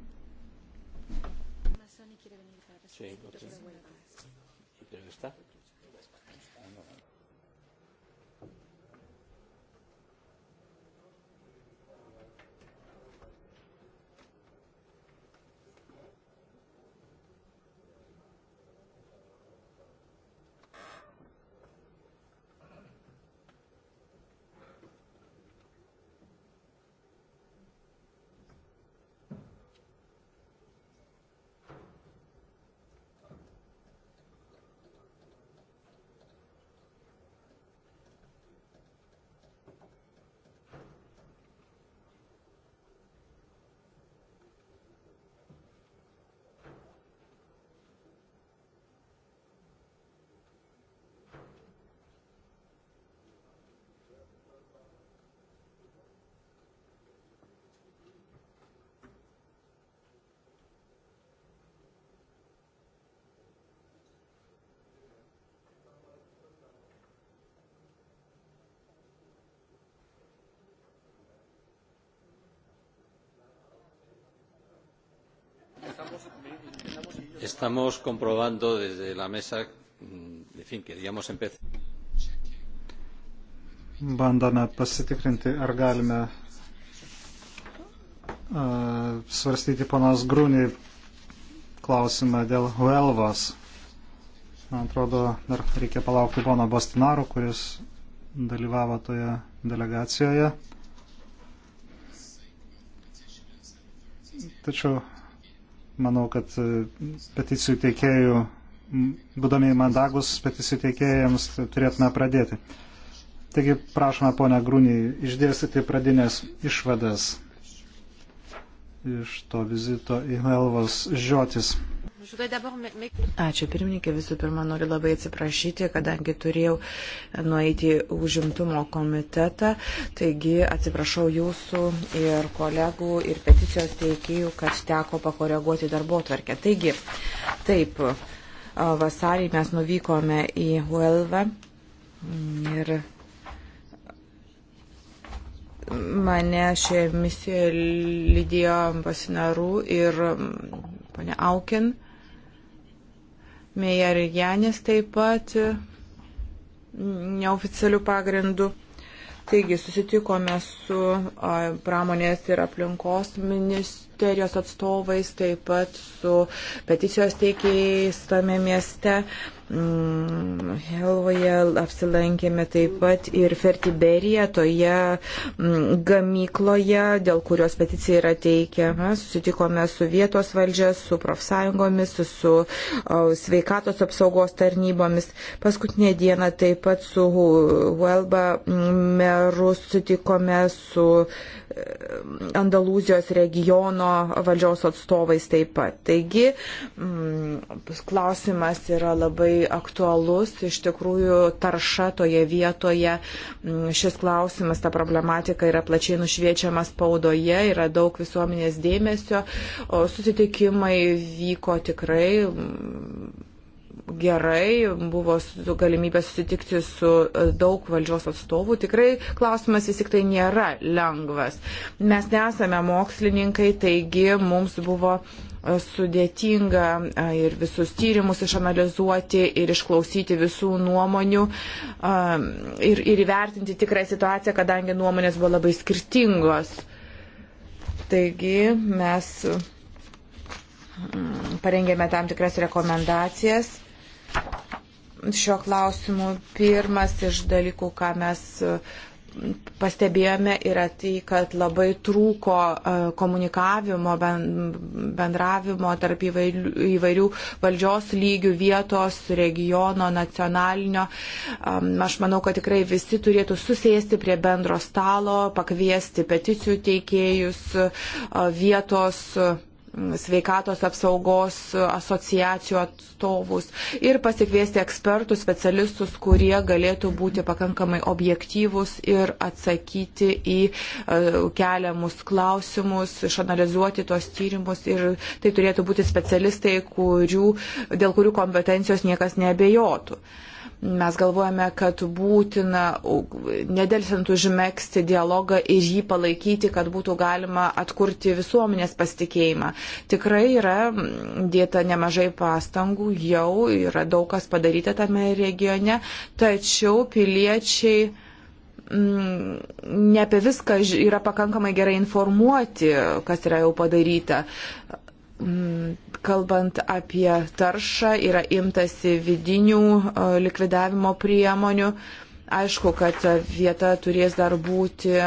S4: estamos comprobando desde la mesa, mm, en fin, queríamos empezar.
S1: Bandome pasitikrinti, ar galime uh, svarstyti panos Grūnį klausimą dėl Huelvos. Man atrodo, dar reikia palaukti pono Bastinaro, kuris dalyvavo toje delegacijoje. Tačiau Manau, kad e, peticijų teikėjų, būdami mandagus peticijų teikėjams, turėtume pradėti. Taigi prašome, ponia Grūnį, išdėstyti pradinės išvadas iš to vizito į Helvos žiotis.
S3: Ačiū
S1: pirmininkė, visų pirma, noriu labai atsiprašyti, kadangi turėjau
S3: nueiti užimtumo komitetą, taigi atsiprašau jūsų ir kolegų ir peticijos teikėjų, kad teko pakoreguoti darbo tvarkę. Taigi, taip, vasarį mes nuvykome į Huelvą ir mane šioje misijoje lydėjo ambasinarų ir mm, pane Aukin. Meijer Janis taip pat neoficialių pagrindų. Taigi susitikome su pramonės ir aplinkos ministru ministerijos atstovais, taip pat su peticijos teikėjais tame mieste. Mm, Helvoje apsilankėme taip pat ir Fertiberija, toje mm, gamykloje, dėl kurios peticija yra teikiama. Susitikome su vietos valdžia, su profsąjungomis, su sveikatos apsaugos tarnybomis. Paskutinę dieną taip pat su Huelba mm, meru susitikome su Andalūzijos regiono valdžios atstovais taip pat. Taigi, mm, klausimas yra labai aktualus, iš tikrųjų tarša toje vietoje, mm, šis klausimas, ta problematika yra plačiai nušviečiama spaudoje, yra daug visuomenės dėmesio, susitikimai vyko tikrai mm, gerai, buvo su galimybė susitikti su e, daug valdžios atstovų. Tikrai klausimas vis tik tai nėra lengvas. Mes nesame mokslininkai, taigi mums buvo e, sudėtinga e, ir visus tyrimus išanalizuoti ir išklausyti visų nuomonių ir, ir įvertinti tikrą situaciją, kadangi nuomonės buvo labai skirtingos. Taigi mes mm, parengėme tam tikras rekomendacijas šio klausimu. Pirmas iš dalykų, ką mes e, pastebėjome, yra tai, kad labai trūko e, komunikavimo, bendravimo tarp įvairių, įvairių valdžios lygių, vietos, regiono, nacionalinio. Aš manau, kad tikrai visi turėtų susėsti prie bendro stalo, pakviesti peticijų teikėjus, e, vietos sveikatos apsaugos asociacijų atstovus ir pasikviesti ekspertus, specialistus, kurie galėtų būti pakankamai objektyvus ir atsakyti į e, keliamus klausimus, išanalizuoti tos tyrimus ir tai turėtų būti specialistai, kurių, dėl kurių kompetencijos niekas nebejotų. Uh, Mes galvojame, kad būtina nedelsiant užmėgsti dialogą ir jį palaikyti, kad būtų galima atkurti visuomenės pasitikėjimą. Tikrai yra dėta nemažai pastangų, jau yra daug kas padaryta tame regione, tačiau piliečiai mm, ne apie viską yra pakankamai gerai informuoti, kas yra jau padaryta. Mm, kalbant apie taršą, yra imtasi vidinių e, likvidavimo priemonių. Aišku, kad vieta turės dar būti e,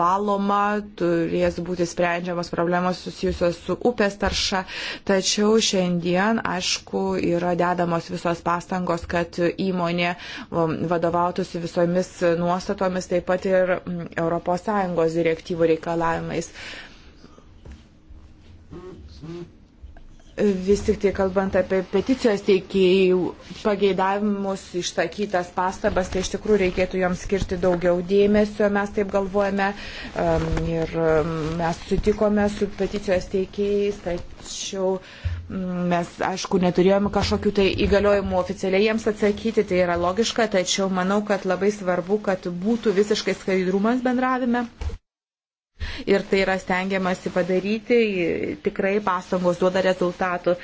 S3: valoma, turės būti sprendžiamas problemos susijusios su upės tarša, tačiau šiandien, aišku, yra dedamos visos pastangos, kad įmonė vadovautųsi visomis nuostatomis, taip pat ir mm, ES direktyvų reikalavimais vis tik tai kalbant apie peticijos teikėjų pageidavimus, išsakytas pastabas, tai iš tikrųjų reikėtų joms skirti daugiau dėmesio, mes taip galvojame. Um, ir um, mes sutikome su peticijos teikėjais, tačiau mm, mes, aišku, neturėjome kažkokių tai įgaliojimų oficialiai jiems atsakyti, tai yra logiška, tačiau manau, kad labai svarbu, kad būtų visiškai skaidrumas bendravime. Ir tai yra stengiamasi padaryti, tikrai pastangos duoda rezultatų.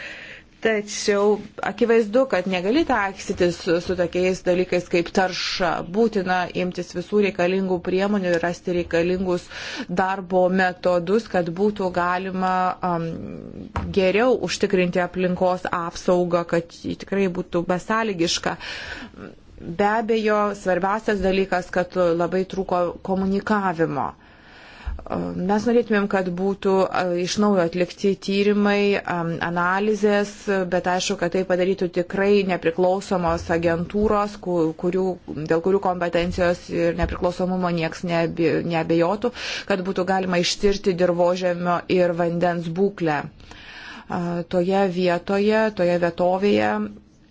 S3: Tačiau akivaizdu, kad negali taksytis su, su tokiais dalykais kaip tarša. Būtina imtis visų reikalingų priemonių ir rasti reikalingus darbo metodus, kad būtų galima um, geriau užtikrinti aplinkos apsaugą, kad ji tikrai būtų besąlygiška. Be abejo, svarbiausias dalykas, kad labai trūko komunikavimo Mes norėtumėm, kad būtų iš naujo atlikti tyrimai, analizės, bet aišku, kad tai padarytų tikrai nepriklausomos agentūros, kurių, dėl kurių kompetencijos ir nepriklausomumo nieks nebejotų, kad būtų galima ištirti dirbožėmio ir vandens būklę. Toje vietoje, toje vietovėje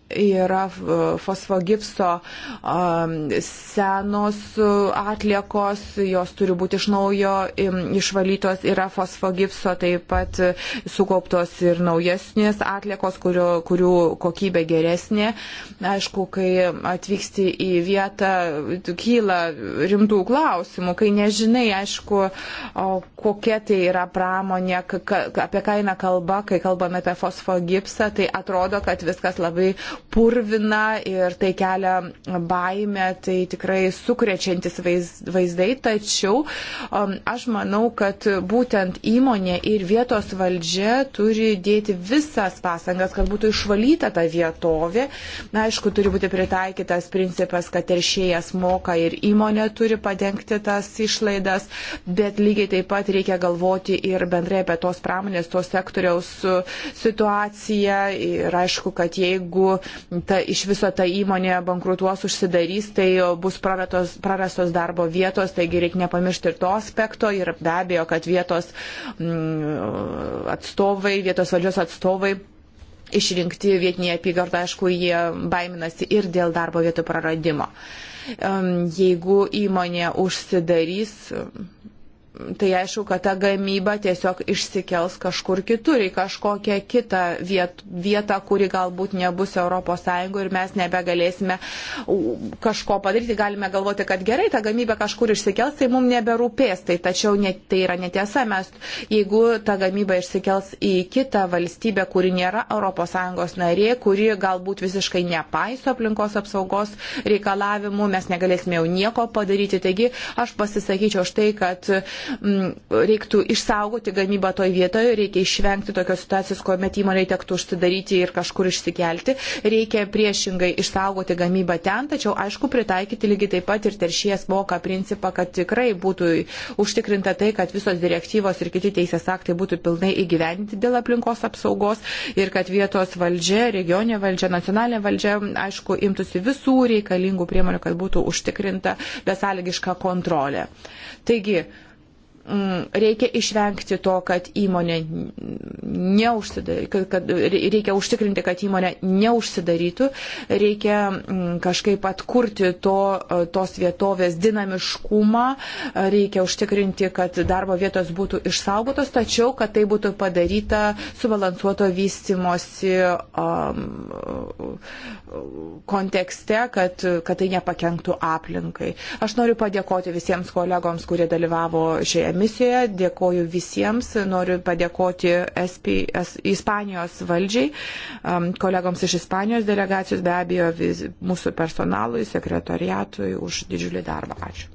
S3: yra fosfogipso senos atliekos, jos turi būti iš naujo išvalytos, yra fosfogipso taip pat sukauptos ir naujasnės atliekos, kurio, kurių kokybė geresnė. Aišku, kai atvyksti į vietą, kyla rimtų klausimų, kai nežinai, aišku, kokia tai yra pramonė, apie ką eina kalba, kai kalbame apie fosfogipsą, tai atrodo, kad viskas labai purvina ir tai kelia baimę, tai tikrai sukrečiantis vaizdai, tačiau um, aš manau, kad būtent įmonė ir vietos valdžia turi dėti visas pasangas, kad būtų išvalyta ta vietovė. Na, aišku, turi būti pritaikytas principas, kad teršėjas moka ir įmonė turi padengti tas išlaidas, bet lygiai taip pat reikia galvoti ir bendrai apie tos pramonės, tos sektoriaus uh, situaciją. Ir aišku, kad jeigu ta, iš viso ta įmonė bankrutuos, užsidarys, tai bus prarastos, prarastos darbo vietos, taigi reikia nepamiršti ir to aspekto ir be abejo, kad vietos m, mm, atstovai, vietos valdžios atstovai išrinkti vietinėje apygardoje, aišku, jie baiminasi ir dėl darbo vietų praradimo. Jeigu įmonė užsidarys, tai aišku, kad ta gamyba tiesiog išsikels kažkur kitur, į kažkokią kitą viet, vietą, kuri galbūt nebus ES ir mes nebegalėsime kažko padaryti. Galime galvoti, kad gerai, ta gamyba kažkur išsikels, tai mums neberūpės. Tai tačiau ne, tai yra netiesa. Mes, jeigu ta gamyba išsikels į kitą valstybę, kuri nėra ES narė, kuri galbūt visiškai nepaiso aplinkos apsaugos reikalavimų, mes negalėsime jau nieko padaryti. Taigi aš pasisakyčiau už tai, kad Mm, reiktų išsaugoti gamybą toje vietoje, reikia išvengti tokios situacijos, kuomet įmonai tektų užsidaryti ir kažkur išsikelti. Reikia priešingai išsaugoti gamybą ten, tačiau aišku pritaikyti lygiai taip pat ir teršies moka principą, kad tikrai būtų užtikrinta tai, kad visos direktyvos ir kiti teisės aktai būtų pilnai įgyvendinti dėl aplinkos apsaugos ir kad vietos valdžia, regioninė valdžia, nacionalinė valdžia, aišku, imtųsi visų reikalingų priemonių, kad būtų užtikrinta besąlygiška kontrolė. Taigi, Mm, reikia išvengti to, kad įmonė neužsidarytų, kad reikia užtikrinti, kad įmonė neužsidarytų, reikia mm, kažkaip atkurti to, e, tos vietovės dinamiškumą, reikia užtikrinti, kad darbo vietos būtų išsaugotos, tačiau, kad tai būtų padaryta subalansuoto vystimosi um, kontekste, kad, kad tai nepakenktų aplinkai. Aš noriu padėkoti visiems kolegoms, kurie dalyvavo šioje komisijoje. Dėkoju visiems. Noriu padėkoti SP, es, Ispanijos valdžiai, um, kolegoms iš Ispanijos delegacijos, be abejo, vis, mūsų personalui, sekretoriatui už didžiulį darbą. Ačiū.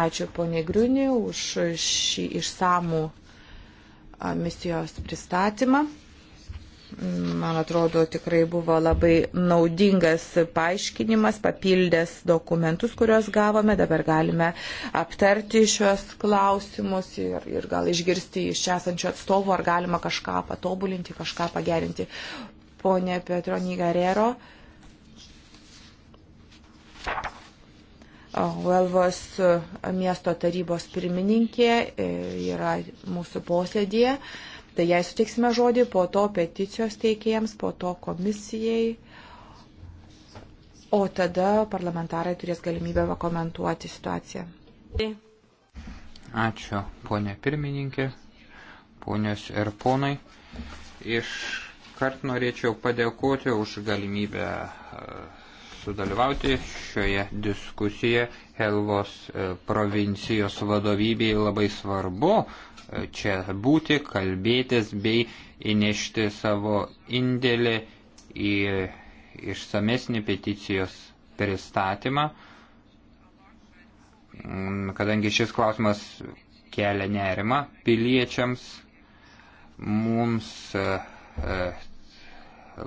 S3: Ačiū ponė Gruni už šį išsamų uh, misijos pristatymą man atrodo, tikrai buvo labai naudingas paaiškinimas, papildęs dokumentus, kuriuos gavome. Dabar galime aptarti šios klausimus ir, ir gal išgirsti iš esančio atstovo, ar galima kažką patobulinti, kažką pagerinti. Pone Petroni Garero. Velvos miesto tarybos pirmininkė e, yra mūsų posėdėje. Tai jai suteiksime žodį, po to peticijos teikėjams, po to komisijai, o tada parlamentarai turės galimybę komentuoti situaciją.
S5: Ačiū, ponė pirmininkė, ponios ir ponai. Iškart norėčiau padėkoti už galimybę e, sudalyvauti šioje diskusijoje Helvos e, provincijos vadovybėje labai svarbu čia būti, kalbėtis bei įnešti savo indėlį į išsamesnį peticijos pristatymą, kadangi šis klausimas kelia nerima piliečiams, mums e, e,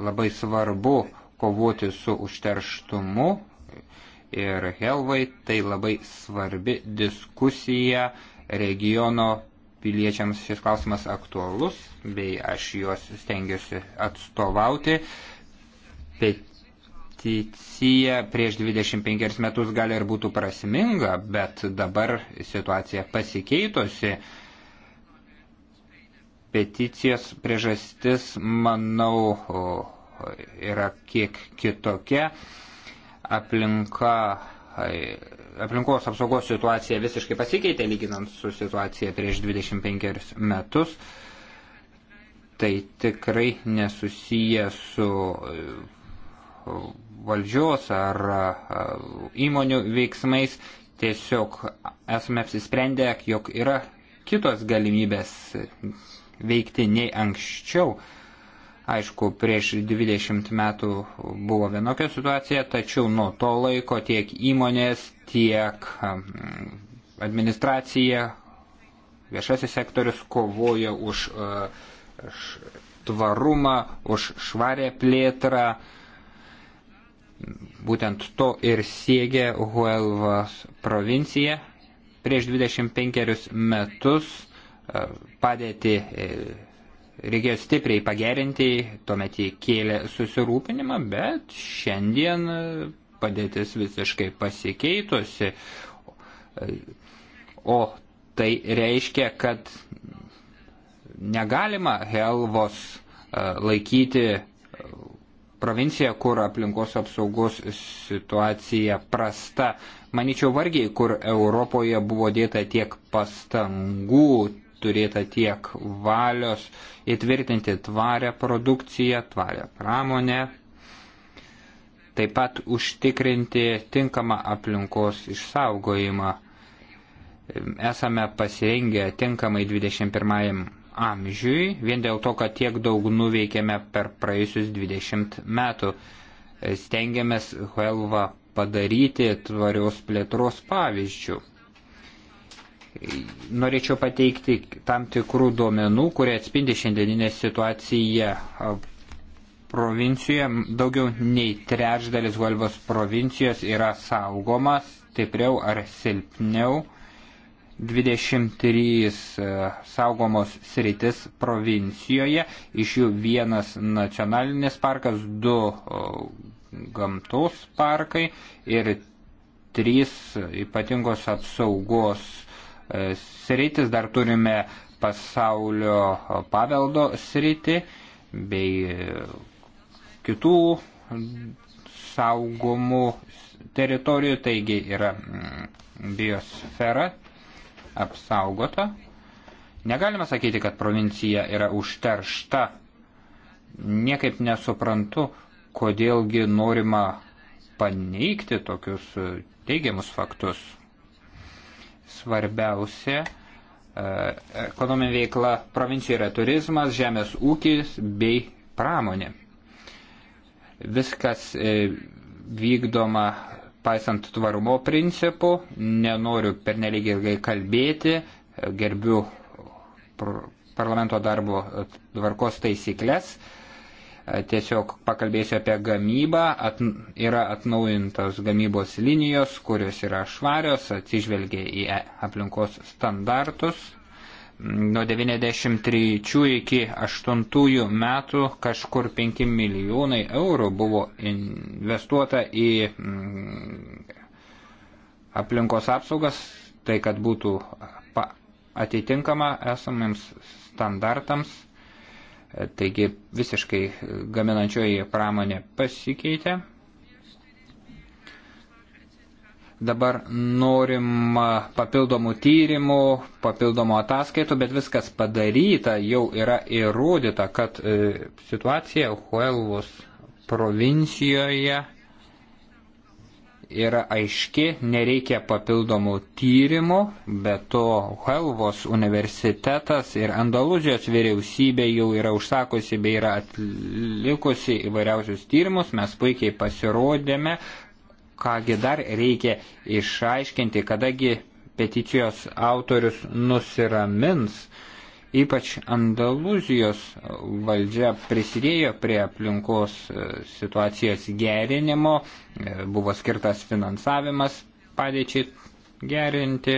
S5: labai svarbu kovoti su užterštumu ir Helvai tai labai svarbi diskusija regiono piliečiams šis klausimas aktualus, bei aš juos stengiuosi atstovauti. Peticija prieš 25 metus gal ir būtų prasminga, bet dabar situacija pasikeitusi. Peticijos priežastis, manau, yra kiek kitokia. Aplinka aplinkos apsaugos situacija visiškai pasikeitė lyginant su situacija prieš 25 metus. Tai tikrai nesusiję su e, valdžios ar e, įmonių veiksmais. Tiesiog esame apsisprendę, jog yra kitos galimybės veikti nei anksčiau. Aišku, prieš 20 metų buvo vienokia situacija, tačiau nuo to laiko tiek įmonės, tiek administracija, viešasis sektorius kovoja e, už tvarumą, už švarę plėtrą. Būtent to ir siekia Huelvas provincija. Prieš 25 metus e, padėti e, reikėjo stipriai pagerinti, tuomet jį kėlė susirūpinimą, bet šiandien padėtis visiškai pasikeitusi. O tai reiškia, kad negalima Helvos e, laikyti e, provincija, kur aplinkos apsaugos situacija prasta. Maničiau vargiai, kur Europoje buvo dėta tiek pastangų, turėta tiek valios įtvirtinti tvarę produkciją, tvarę pramonę, taip pat užtikrinti tinkamą aplinkos išsaugojimą. Esame pasirengę tinkamai 21 amžiui, vien dėl to, kad tiek daug nuveikėme per praėjusius 20 metų. Stengiamės Huelva padaryti tvarios plėtros pavyzdžių norėčiau pateikti tam tikrų duomenų, kurie atspindi šiandieninę situaciją provincijoje. Daugiau nei trečdalis Volvos provincijos yra saugomas, stipriau ar silpniau. 23 saugomos sritis provincijoje, iš jų vienas nacionalinis parkas, du gamtos parkai ir trys ypatingos apsaugos sritis, dar turime pasaulio paveldo sritį bei kitų saugomų teritorijų, taigi yra mm, biosfera apsaugota. Negalima sakyti, kad provincija yra užteršta. Niekaip nesuprantu, kodėlgi norima paneigti tokius teigiamus faktus svarbiausia e, ekonominė veikla provincija yra turizmas, žemės ūkis bei pramonė. Viskas e, vykdoma paisant tvarumo principų, nenoriu pernelyg ilgai kalbėti, gerbiu parlamento darbo tvarkos taisyklės. Tiesiog pakalbėsiu apie gamybą. At, yra atnaujintos gamybos linijos, kurios yra švarios, atsižvelgia į e, aplinkos standartus. Nuo 93 iki 8 metų kažkur 5 milijonai eurų buvo investuota į mm, aplinkos apsaugas, tai kad būtų atitinkama esamiems standartams. Taigi visiškai gaminančioji pramonė pasikeitė. Dabar norim papildomų tyrimų, papildomų ataskaitų, bet viskas padaryta, jau yra įrodyta, kad e, situacija Huelvos provincijoje yra aiški, nereikia papildomų tyrimų, bet to Helvos universitetas ir Andaluzijos vyriausybė jau yra užsakusi bei yra atlikusi įvairiausius tyrimus, mes puikiai pasirodėme, kągi dar reikia išaiškinti, kadangi peticijos autorius nusiramins. Uh, Ypač Andaluzijos valdžia prisidėjo prie aplinkos e, situacijos gerinimo, e, buvo skirtas finansavimas padėčiai gerinti.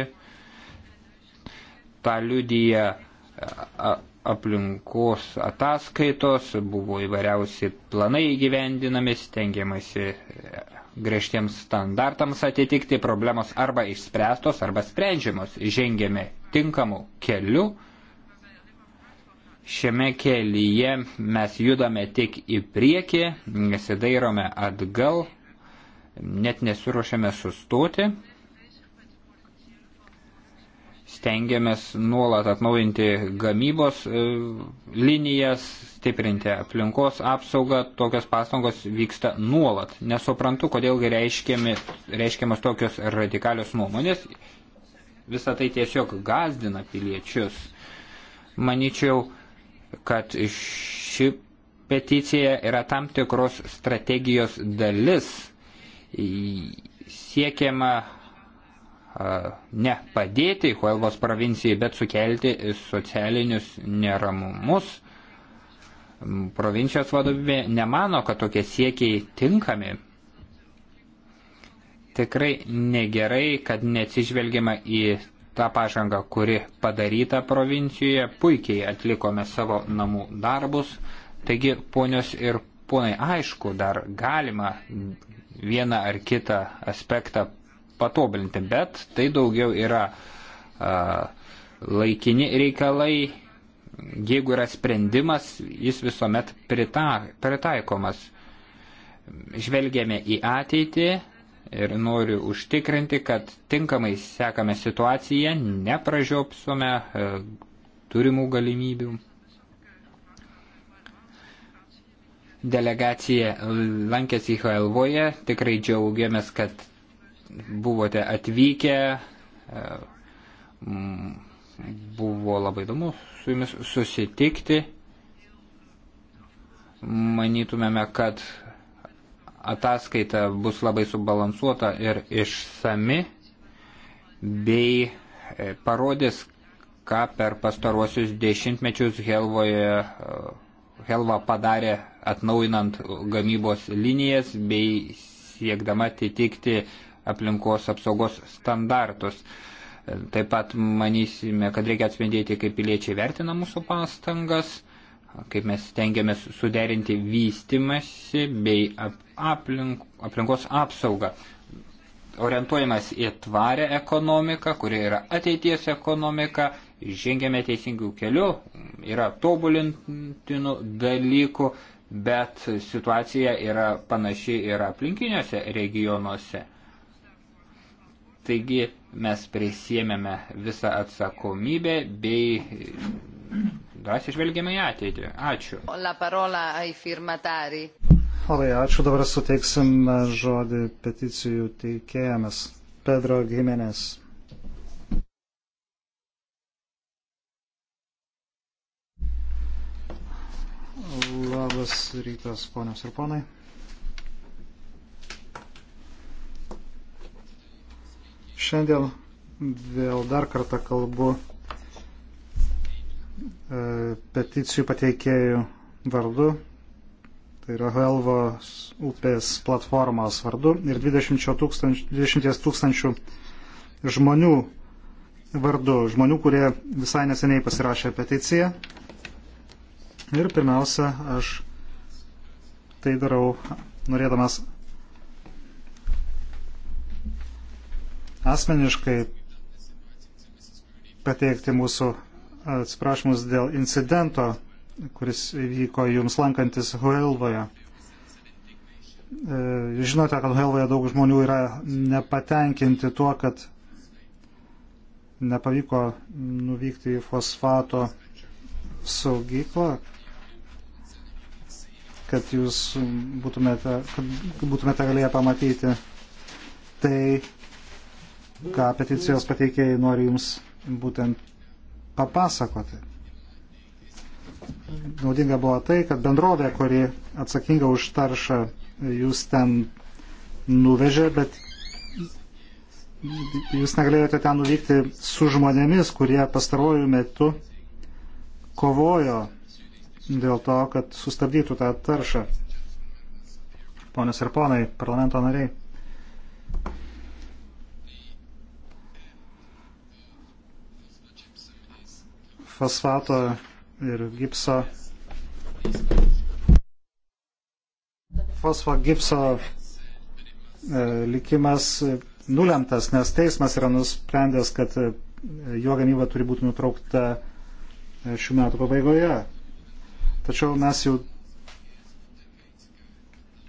S5: Ta liudyja e, aplinkos ataskaitos, buvo įvairiausi planai įgyvendinami, stengiamasi griežtiems standartams atitikti, problemos arba išspręstos, arba sprendžiamos, žengėme tinkamu keliu Šiame kelyje mes judame tik į priekį, nesidairome atgal, net nesiruošiame sustoti. Stengiamės nuolat atnaujinti gamybos e, linijas, stiprinti aplinkos apsaugą. Tokios pastangos vyksta nuolat. Nesuprantu, kodėl reiškiamas tokios radikalios nuomonės. Visą tai tiesiog gazdina piliečius. Maničiau, kad ši peticija yra tam tikros strategijos dalis. Siekiama ne padėti Huelvos provincijai, bet sukelti socialinius neramumus. Provincijos vadovybė nemano, kad tokie siekiai tinkami. Tikrai negerai, kad neatsižvelgiama į tą pažangą, kuri padaryta provincijoje, puikiai atlikome savo namų darbus. Taigi, ponios ir ponai, aišku, dar galima vieną ar kitą aspektą patobulinti, bet tai daugiau yra a, laikini reikalai. Jeigu yra sprendimas, jis visuomet prita, pritaikomas. Žvelgėme į ateitį, ir noriu užtikrinti, kad tinkamai sekame situaciją, nepražiopsome e, turimų galimybių. Delegacija lankėsi Helvoje, tikrai džiaugiamės, kad buvote atvykę, e, buvo labai įdomu su jumis susitikti. Manytumėme, kad ataskaita bus labai subalansuota ir išsami, bei e, parodys, ką per pastaruosius dešimtmečius Helvoje, e, Helva padarė atnaujinant gamybos linijas bei siekdama atitikti aplinkos apsaugos standartus. E, taip pat manysime, kad reikia atspindėti, kaip piliečiai vertina mūsų pastangas kaip mes tengiamės suderinti vystimasi bei aplink, aplinkos apsaugą. Orientuojamas į tvarę ekonomiką, kuri yra ateities ekonomika, žengėme teisingų kelių, yra tobulintinų dalykų, bet situacija yra panaši ir aplinkiniuose regionuose. Taigi mes prisėmėme visą atsakomybę bei atsižvelgiame į ateitį. Ačiū.
S2: Labai
S1: ačiū, dabar suteiksim žodį peticijų teikėjamas Pedro Gimenez. Labas rytas, ponios ir ponai. Šiandien vėl dar kartą kalbu E, peticijų pateikėjų vardu, tai yra Helvos upės platformos vardu ir 20 tūkstančių, 20 tūkstančių žmonių vardu, žmonių, kurie visai neseniai pasirašė peticiją. Ir pirmiausia, aš tai darau norėdamas asmeniškai pateikti mūsų atsiprašymus dėl incidento, kuris vyko jums lankantis Huelvoje. E, žinote, kad Huelvoje daug žmonių yra nepatenkinti tuo, kad nepavyko nuvykti į fosfato saugyklą, kad jūs būtumėte, kad būtumėte galėję pamatyti tai, ką peticijos pateikėjai nori jums būtent papasakoti. Naudinga buvo tai, kad bendrovė, kuri atsakinga už taršą, jūs ten nuvežė, bet jūs negalėjote ten nuvykti su žmonėmis, kurie pastarojų metu kovojo dėl to, kad sustabdytų tą taršą. Ponios ir ponai, parlamento nariai. fosfato ir gipso fosfo gipso e, likimas nulemtas, nes teismas yra nusprendęs, kad e, jo gamyba turi būti nutraukta e, šių metų pabaigoje. Tačiau mes jau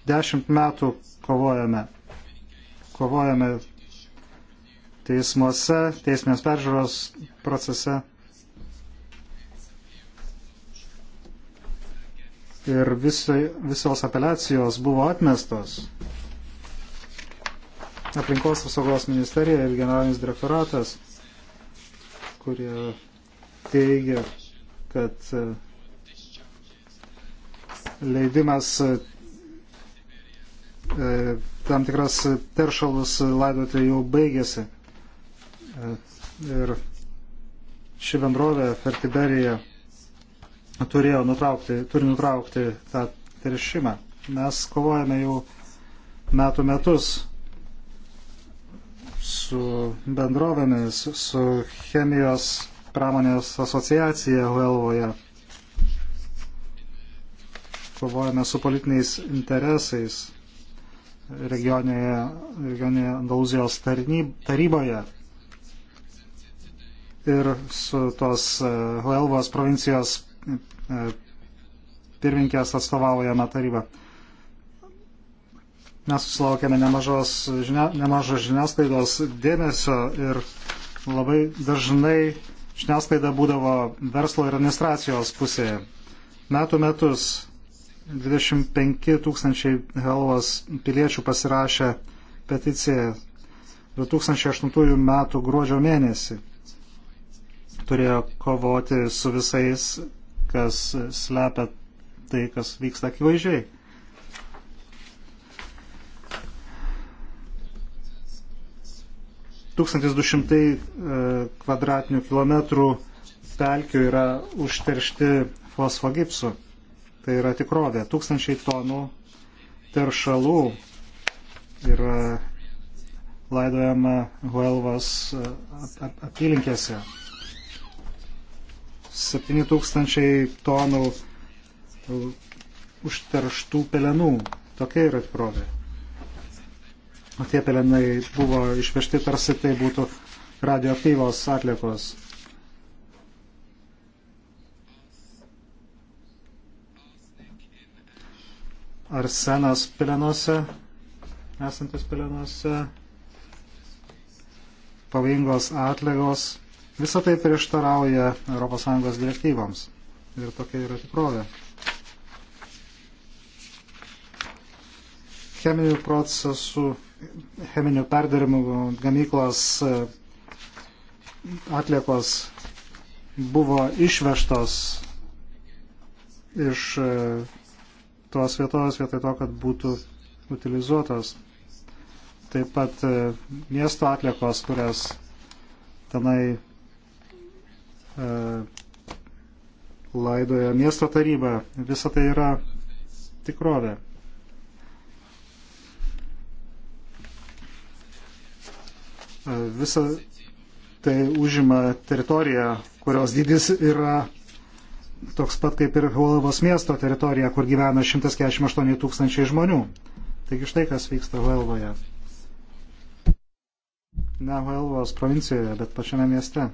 S1: dešimt metų kovojame. Kovojame teismuose, teisminės peržiūros procese. ir visai, visos apeliacijos buvo atmestos. Aplinkos apsaugos ministerija ir generalinis direktoratas, kurie teigia, kad e, leidimas e, tam tikras teršalus laidoti jau baigėsi. E, ir ši bendrovė Fertiberija turėjo nutraukti, turi nutraukti tą teršimą. Mes kovojame jau metų metus su bendrovėmis, su chemijos pramonės asociacija Huelvoje. Kovojame su politiniais interesais regioninėje, regioninėje Andaluzijos taryboje ir su tos e, Huelvos provincijos pirmininkės atstovaujama taryba. Mes susilaukėme nemažos, žinia, nemažos žiniasklaidos dėmesio ir labai dažnai žiniasklaida būdavo verslo ir administracijos pusėje. Metų metus 25 tūkstančiai Helvos piliečių pasirašė peticiją 2008 m. gruodžio mėnesį. Turėjo kovoti su visais kas slepia tai, kas vyksta akivaizdžiai. Tūkstantis du šimtai e, kvadratinių kilometrų pelkių yra užteršti fosfogipsu. Tai yra tikrovė. Tūkstančiai tonų teršalų yra laidojama Huelvas apylinkėse. Ap ap ap 7000 tonų užterštų pelenų. Tokia yra tikrovė. O tie pelenai buvo išvežti tarsi tai būtų radioaktyvos atliekos. Arsenas pelenuose, esantis pelenuose, pavojingos atliekos Visą tai prieštarauja ES direktyvams. Ir tokia yra tikrovė. Cheminių procesų, cheminių perdarimų gamyklos e, atliekos buvo išvežtos iš e, tos vietos vietoj to, kad būtų utilizuotos. Taip pat e, miesto atliekos, kurias tenai E, laidoja miesto taryba. Visa tai yra tikrovė. E, visa tai užima teritoriją, kurios dydis yra toks pat kaip ir Huelvos miesto teritorija, kur gyvena 148 tūkstančiai žmonių. Taigi štai kas vyksta Huelvoje. Ne Huelvos provincijoje, bet pačiame mieste.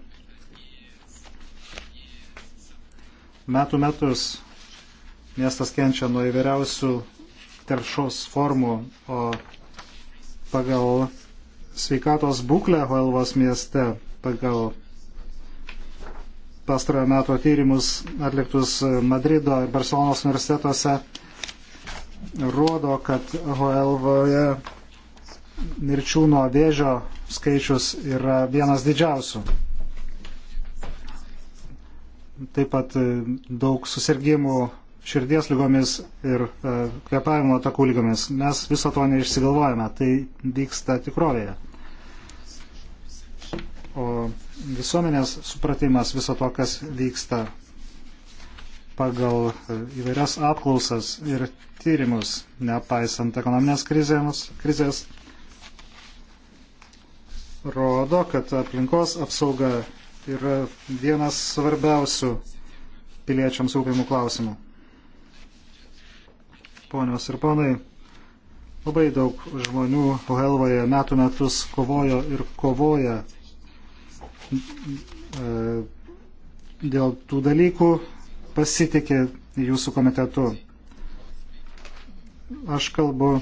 S1: Metų metus miestas kenčia nuo įvairiausių teršos formų, o pagal sveikatos būklę Hoelvos mieste, pagal pastarojo meto tyrimus atliktus Madrido ir Barcelonos universitetuose, rodo, kad Hoelvoje mirčių nuo vėžio skaičius yra vienas didžiausių taip pat e, daug susirgymų širdies lygomis ir e, kvepavimo takų lygomis. Mes viso to neišsigalvojame, tai vyksta tikrovėje. O visuomenės supratimas viso to, kas vyksta pagal e, įvairias apklausas ir tyrimus, nepaisant ekonominės krizės, krizės rodo, kad aplinkos apsauga yra vienas svarbiausių piliečiams rūpimų klausimų. Ponios ir ponai, labai daug žmonių Helvoje metų metus kovojo ir kovoja e, dėl tų dalykų, pasitikė jūsų komitetu. Aš kalbu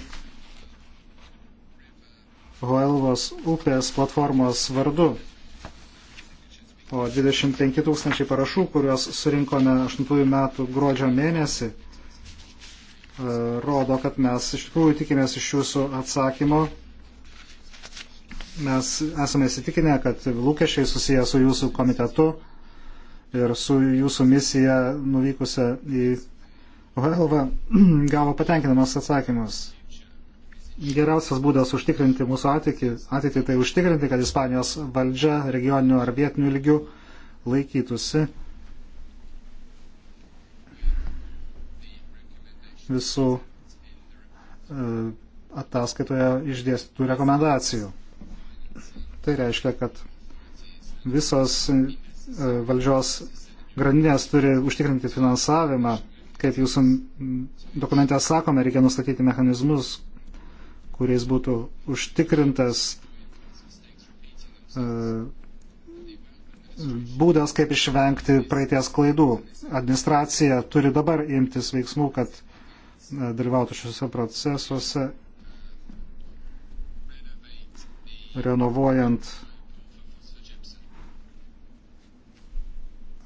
S1: Hoelvos upės platformos vardu. O 25 tūkstančiai parašų, kuriuos surinkome 8 metų gruodžio mėnesį, e, rodo, kad mes iš tikrųjų tikimės iš jūsų atsakymo. Mes esame įsitikinę, kad lūkesčiai susiję su jūsų komitetu ir su jūsų misija nuvykusią į Helvą gavo patenkinamas atsakymus geriausias būdas užtikrinti mūsų ateitį, ateitį tai užtikrinti, kad Ispanijos valdžia regioniniu ar vietiniu lygiu laikytųsi visų e, ataskaitoje išdėstytų rekomendacijų. Tai reiškia, kad visos e, valdžios grandinės turi užtikrinti finansavimą. Kaip jūsų dokumente sakome, reikia nustatyti mechanizmus, kuriais būtų užtikrintas e, būdas, kaip išvengti praeities klaidų. Administracija turi dabar imtis veiksmų, kad e, dalyvautų šiuose procesuose, renovuojant,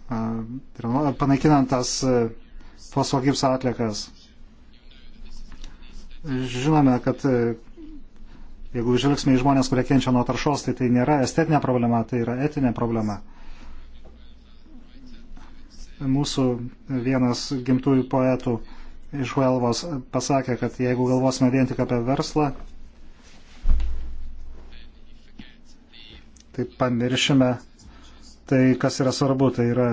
S1: e, panaikinant tas fosfogipso atlikas. Žinome, kad e, jeigu žvelgsime į žmonės, kurie kenčia nuo taršos, tai tai nėra estetinė problema, tai yra etinė problema. Mūsų vienas gimtųjų poetų iš Huelvos pasakė, kad jeigu galvosime vien tik apie verslą, tai pamiršime tai, kas yra svarbu, tai yra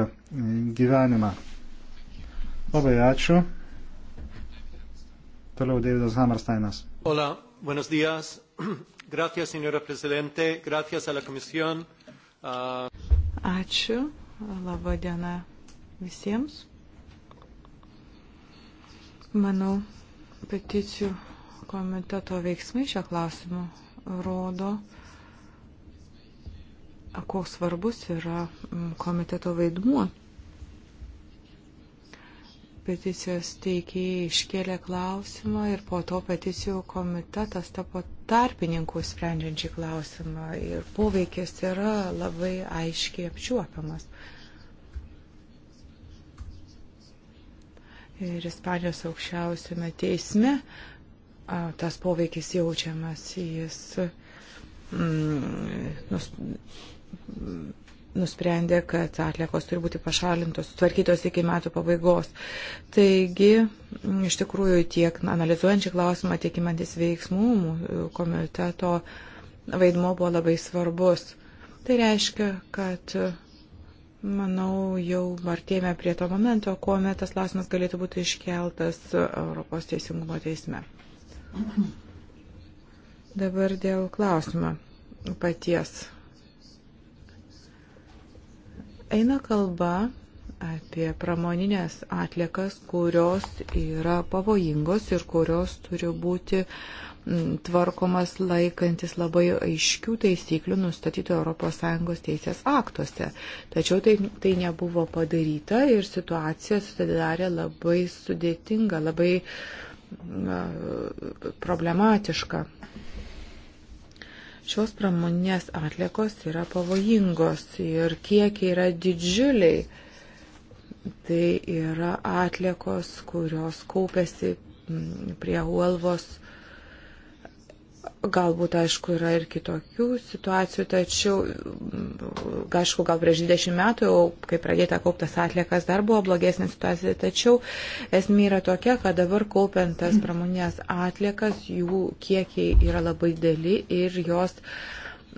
S1: gyvenimą. Labai ačiū. Toliau Davidas Hammersteinas.
S4: Hola, buenos días. Gracias, senora prezidente. Gracias a la komisijon. Uh... Ah,
S3: Ačiū. Labą dieną visiems. Manau, peticijų komiteto veiksmai šio klausimu rodo, koks svarbus yra mm, komiteto vaidmuo peticijos teikėjai iškėlė klausimą ir po to peticijų komitetas tapo tarpininkų sprendžiančiai klausimą ir poveikis yra labai aiškiai apčiuopiamas. Ir Ispanijos aukščiausiame teisme tas poveikis jaučiamas, jis mm, nus, nusprendė, kad atliekos turi būti pašalintos, sutvarkytos iki metų pabaigos. Taigi, iš tikrųjų, tiek analizuojant šį klausimą, tiek imantis veiksmų komiteto vaidmo buvo labai svarbus. Tai reiškia, kad, manau, jau artėjame prie to momento, kuomet tas klausimas galėtų būti iškeltas Europos teisingumo teisme. Dabar dėl klausimo paties Eina kalba apie pramoninės atliekas, kurios yra pavojingos ir kurios turi būti mm, tvarkomas laikantis labai aiškių taisyklių nustatytų ES teisės aktuose. Tačiau tai, tai nebuvo padaryta ir situacija susidarė labai sudėtinga, labai na, problematiška. Šios pramoninės atlikos yra pavojingos ir kiekiai yra didžiuliai. Tai yra atlikos, kurios kaupėsi mm, prie Uolvos Galbūt, aišku, yra ir kitokių situacijų, tačiau, mm, aišku, gal prieš 20 metų, jau, kai pradėta kauptas atliekas, dar buvo blogesnė situacija, tačiau esmė yra tokia, kad dabar kaupiantas pramonės atliekas, jų kiekiai yra labai dėli ir jos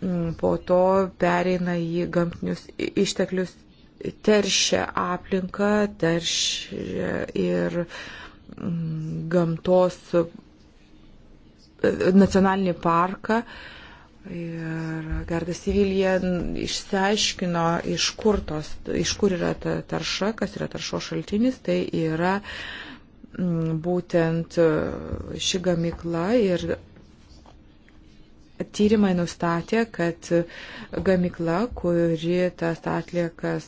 S3: mm, po to pereina į gamtinius išteklius, teršia aplinką, teršia ir mm, gamtos nacionalinį parką. Ir Gardas Sivilija išsiaiškino, iš kur, tos, iš kur yra ta tarša, kas yra taršo šaltinis. Tai yra mm, būtent ši gamykla ir tyrimai nustatė, kad gamikla, kuri tas atliekas,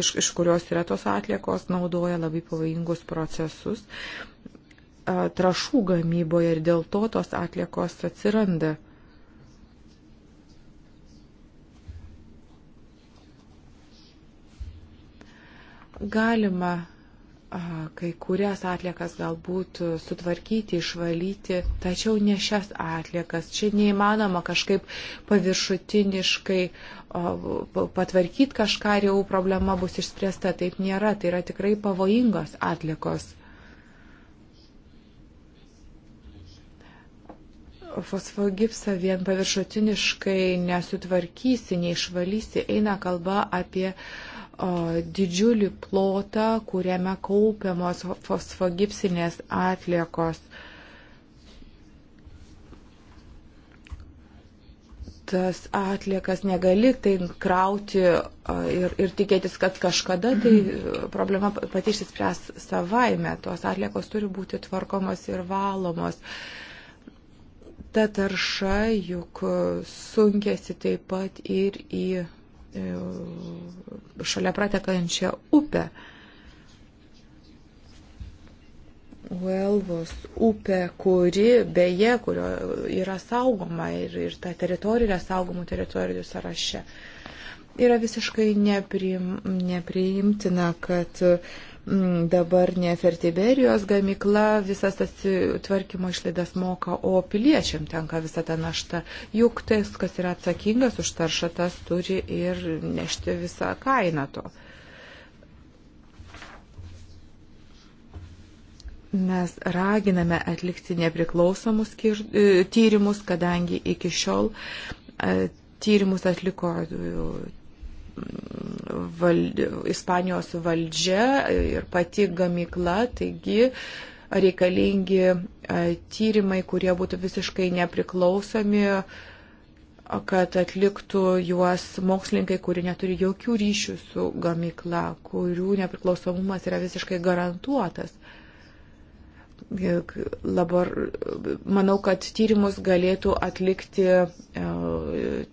S3: iš, iš kurios yra tos atliekos, naudoja labai pavojingus procesus trašų gamyboje ir dėl to tos atliekos atsiranda. Galima kai kurias atliekas galbūt sutvarkyti, išvalyti, tačiau ne šias atliekas. Čia neįmanoma kažkaip paviršutiniškai patvarkyti kažką ir jau problema bus išspręsta. Taip nėra, tai yra tikrai pavojingos atliekos. fosfogipsą vien paviršutiniškai nesutvarkysi, neišvalysi. Eina kalba apie o, didžiulį plotą, kuriame kaupiamos fosfogipsinės atliekos. tas atliekas negali tai krauti ir, ir tikėtis, kad kažkada tai problema pati išsispręs savaime. Tos atliekos turi būti tvarkomos ir valomos. Uh, ta tarša juk sunkėsi taip pat ir į e, šalia pratekančią upę. Uelvos upė, kuri beje, kurio yra saugoma ir, ir ta teritorija yra saugomų teritorijų sąraše. Yra visiškai neprim, nepriimtina, kad uh, Mm, dabar ne Fertiberijos gamikla visas tas tvarkymo išlaidas moka, o piliečiam tenka visą tą naštą. Juk tas, kas yra atsakingas už taršą, tas turi ir nešti visą kainą to. Mes raginame atlikti nepriklausomus e, tyrimus, kadangi iki šiol e, tyrimus atliko vald, Ispanijos valdžia ir pati gamykla, taigi reikalingi e, tyrimai, kurie būtų visiškai nepriklausomi, kad atliktų juos mokslininkai, kurie neturi jokių ryšių su gamykla, kurių nepriklausomumas yra visiškai garantuotas labor, manau, kad tyrimus galėtų atlikti e,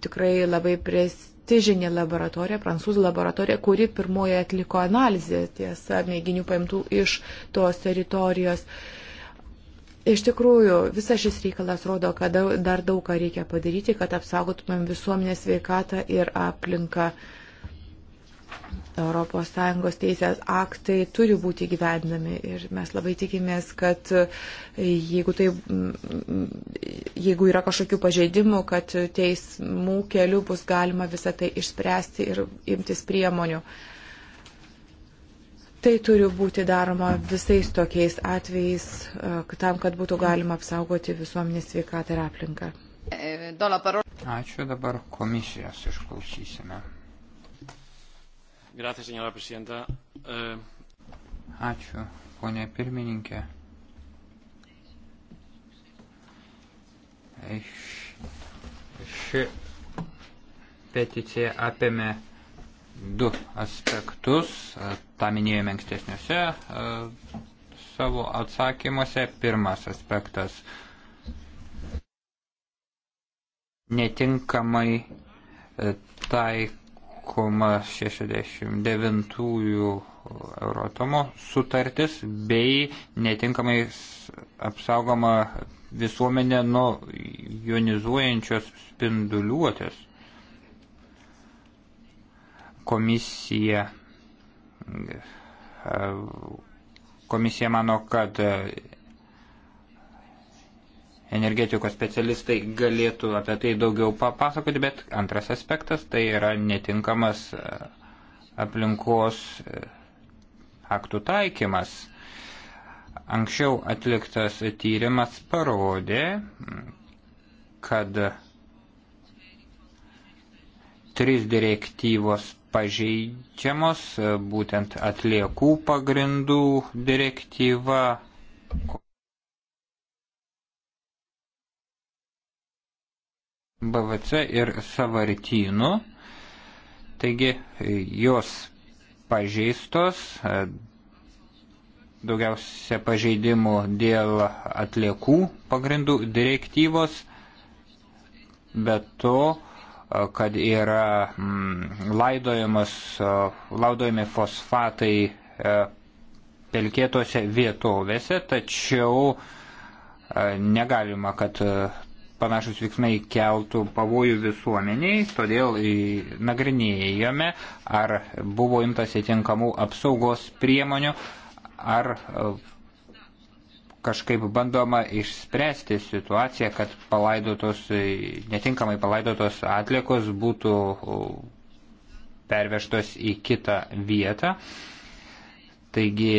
S3: tikrai labai pres, prestižinė laboratorija, prancūzų laboratorija, kuri pirmoji atliko analizę, tiesa, mėginių paimtų iš tos teritorijos. Iš tikrųjų, visas šis reikalas rodo, kad dar daug ką reikia padaryti, kad apsaugotumėm visuomenės veikatą ir aplinką. Uh, ES teisės aktai turi būti gyvendami ir mes labai tikimės, kad e, jeigu, tai, mm, jeigu yra kažkokių pažeidimų, kad teismų keliu bus galima visą tai išspręsti ir imtis priemonių. Tai turi būti daroma visais tokiais atvejais, e, tam, kad būtų galima apsaugoti visuomenės sveikatą ir aplinką.
S5: Ačiū, dabar komisijos išklausysime.
S4: Gracias, señora presidenta. Uh...
S5: Ačiū, ponė pirmininkė. Ši peticija apėmė du aspektus, tą minėjome ankstesniuose e, savo atsakymuose. Pirmas aspektas netinkamai e, taik taikoma 69-ųjų Eurotomo sutartis bei netinkamai apsaugoma visuomenė nuo jonizuojančios spinduliuotės. Komisija, e, komisija mano, kad energetikos specialistai galėtų apie tai daugiau papasakoti, bet antras aspektas tai yra netinkamas e, aplinkos e, aktų taikymas. Anksčiau atliktas tyrimas parodė, kad trys direktyvos pažeidžiamos, būtent atliekų pagrindų direktyva BVC ir savartynų. Taigi jos pažeistos, daugiausia pažeidimų dėl atliekų pagrindų direktyvos, bet to, kad yra mm, laidojami fosfatai e, pelkėtose vietovėse, tačiau e, negalima, kad panašus veiksmai keltų pavojų visuomeniai, todėl nagrinėjome, ar buvo imtasi tinkamų apsaugos priemonių, ar e, kažkaip bandoma išspręsti situaciją, kad palaidotos, e, netinkamai palaidotos atlikos būtų e, pervežtos į kitą vietą. Taigi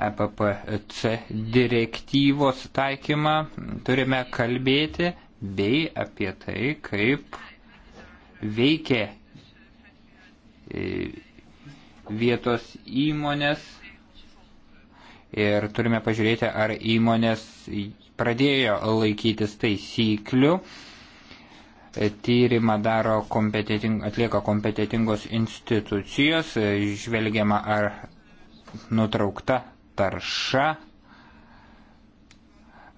S5: EPPC direktyvos taikymą turime kalbėti bei apie tai, kaip veikia e, vietos įmonės ir turime pažiūrėti, ar įmonės pradėjo laikytis taisyklių. E, tyrimą daro kompetiting, atlieka kompetitingos institucijos, e, žvelgiama ar nutraukta tarša,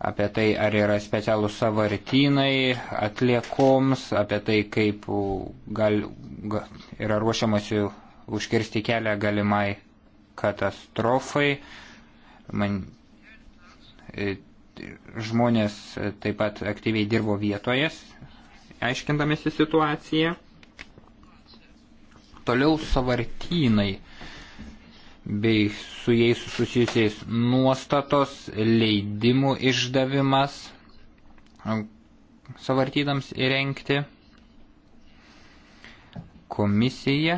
S5: apie tai, ar yra specialūs savartynai atliekoms, apie tai, kaip gal, yra ruošiamasi užkirsti kelią galimai katastrofai. Man, e, žmonės taip pat aktyviai dirbo vietoje, aiškindamėsi situaciją. Toliau savartynai bei su jais susijusiais nuostatos, leidimų išdavimas um, savartydams įrengti. Komisija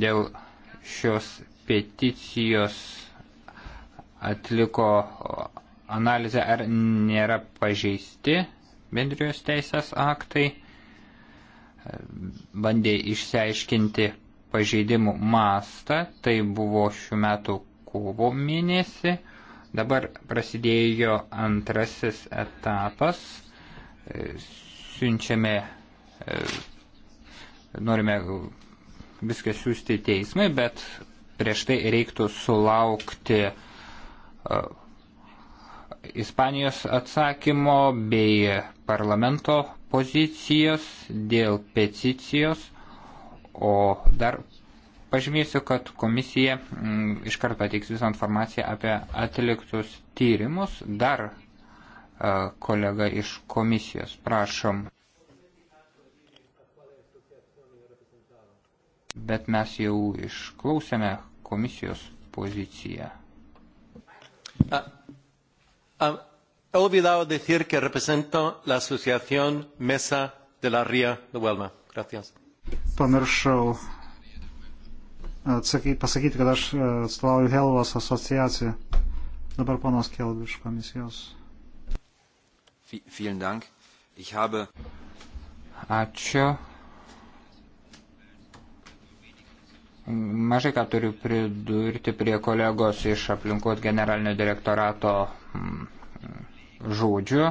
S5: dėl šios peticijos atliko analizę, ar nėra pažeisti bendrijos teisės aktai, bandė išsiaiškinti pažeidimų mastą, tai buvo šių metų kovo mėnesį, dabar prasidėjo antrasis etapas, e, siunčiame, e, norime viską siūsti teismai, bet prieš tai reiktų sulaukti e, Ispanijos atsakymo bei parlamento pozicijos dėl peticijos O dar pažymėsiu, kad komisija m, mm, iš karto teiks visą informaciją apie atliktus tyrimus. Dar a, e, kolega iš komisijos, prašom. Bet mes jau išklausėme komisijos poziciją.
S2: A, a,
S4: he olvidado decir que represento la asociación Mesa de la Ría de Huelma. Gracias
S1: pamiršau atsakyti, pasakyti, kad aš e, atstovauju Helvos asociaciją. Dabar ponas Kelbiš komisijos.
S5: Vielen Dank. Ich habe... Ačiū. Mažai ką turiu pridurti prie kolegos iš aplinkos generalinio direktorato mm, žodžių.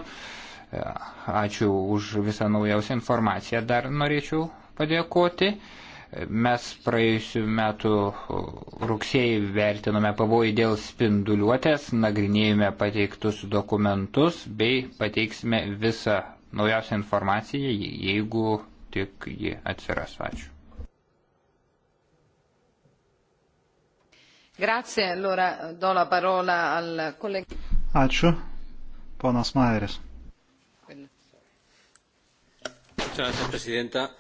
S5: Ačiū už visą naujausią informaciją. Dar norėčiau padėkoti. Mes praėjusiu metu rugsėjai vertinome pavojį dėl spinduliuotės, nagrinėjome pateiktus dokumentus bei pateiksime visą naujausią informaciją, jeigu tik ji atsiras. Ačiū.
S2: Grazie, allora do la parola al collega.
S1: Ačiū, ponas Maeris.
S4: Muchas gracias, presidenta.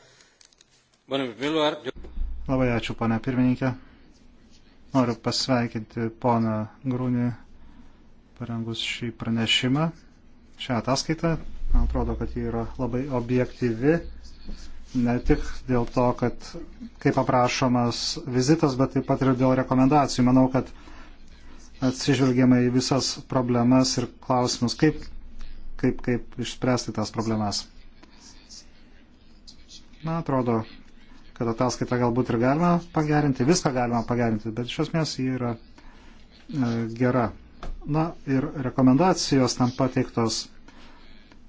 S4: Labai
S1: ačiū, ponia pirmininkė. Noriu pasveikinti poną Grūnį parengus šį pranešimą, šią ataskaitą. Man atrodo, kad ji yra labai objektyvi. Ne tik dėl to, kad kaip aprašomas vizitas, bet taip pat ir dėl rekomendacijų. Manau, kad atsižvelgiama į visas problemas ir klausimus, kaip, kaip, kaip išspręsti tas problemas. Man atrodo, kad ataskaitą galbūt ir galima pagerinti, viską galima pagerinti, bet iš esmės ji yra e, gera. Na ir rekomendacijos tam pateiktos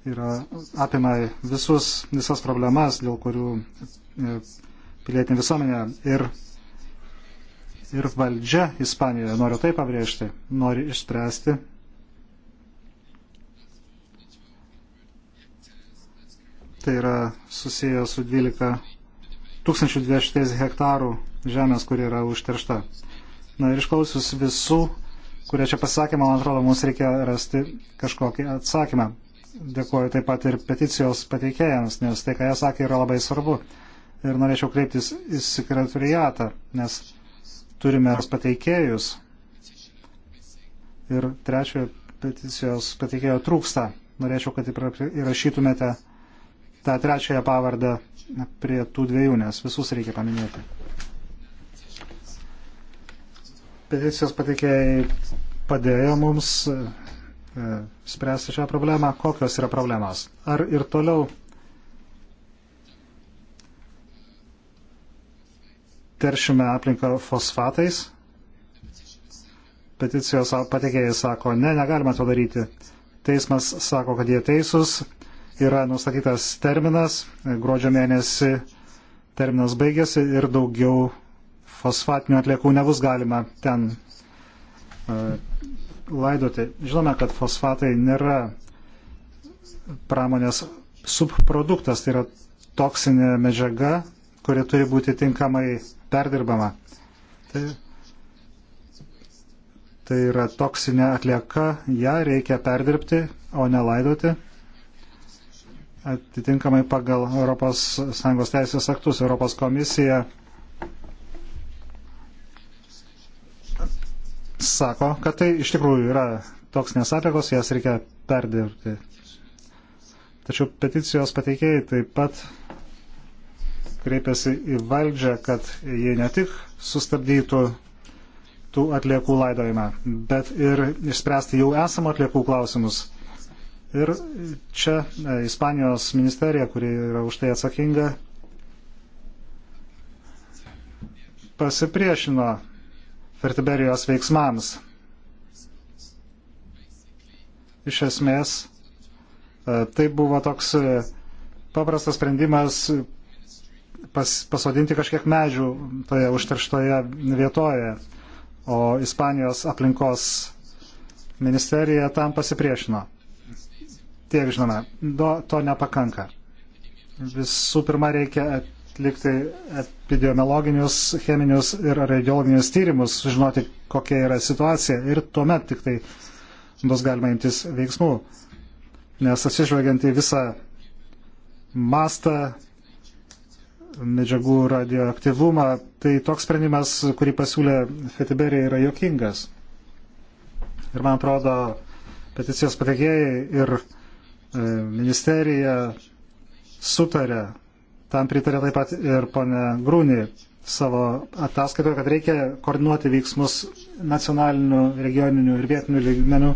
S1: yra, apima visus, visas problemas, dėl kurių e, pilietinė visuomenė ir, ir valdžia Ispanijoje, noriu tai pabrėžti, nori išspręsti. Tai yra susiję su 12 1020 hektarų žemės, kur yra užteršta. Na ir išklausius visų, kurie čia pasakė, man atrodo, mums reikia rasti kažkokį atsakymą. Dėkuoju taip pat ir peticijos pateikėjams, nes tai, ką jie sakė, yra labai svarbu. Ir norėčiau kreiptis į sekretariatą, nes turime pateikėjus. Ir trečiojo peticijos pateikėjo trūksta. Norėčiau, kad įrašytumėte. Pra tą trečiąją pavardę prie tų dviejų, nes visus reikia paminėti. Peticijos patikėjai padėjo mums e, spręsti šią problemą. Kokios yra problemas? Ar ir toliau teršime aplinką fosfatais? Peticijos patikėjai sako, ne, negalima to daryti. Teismas sako, kad jie teisūs, yra nustatytas terminas, gruodžio mėnesį terminas baigėsi ir daugiau fosfatinių atliekų nebus galima ten e, laidoti. Žinome, kad fosfatai nėra pramonės subproduktas, tai yra toksinė medžiaga, kuri turi būti tinkamai perdirbama. Tai, tai yra toksinė atlieka, ją reikia perdirbti, o ne laidoti atitinkamai pagal ES teisės aktus. Europos komisija sako, kad tai iš tikrųjų yra toksinės atlikos, jas reikia perdirbti. Tačiau peticijos pateikėjai taip pat kreipiasi į valdžią, kad jie ne tik sustabdytų tų atliekų laidojimą, bet ir išspręsti jau esamų atliekų klausimus. Ir čia e, Ispanijos ministerija, kuri yra už tai atsakinga, pasipriešino Fertiberijos veiksmams. Iš esmės, e, tai buvo toks e, paprastas sprendimas pas, pasodinti kažkiek medžių toje užterštoje vietoje, o Ispanijos aplinkos ministerija tam pasipriešino tiek žinome. Do, to nepakanka. Visų pirma, reikia atlikti epidemiologinius, cheminius ir radiologinius tyrimus, žinoti, kokia yra situacija ir tuomet tik tai bus galima imtis veiksmų. Nes atsižvelgiant į visą mastą medžiagų radioaktyvumą, tai toks sprendimas, kurį pasiūlė Fetiberė, yra jokingas. Ir man atrodo, peticijos patekėjai ir E, ministerija sutarė, tam pritarė taip pat ir ponė Grūnį savo ataskaitoje, kad reikia koordinuoti veiksmus nacionaliniu, regioniniu ir vietiniu lygmeniu,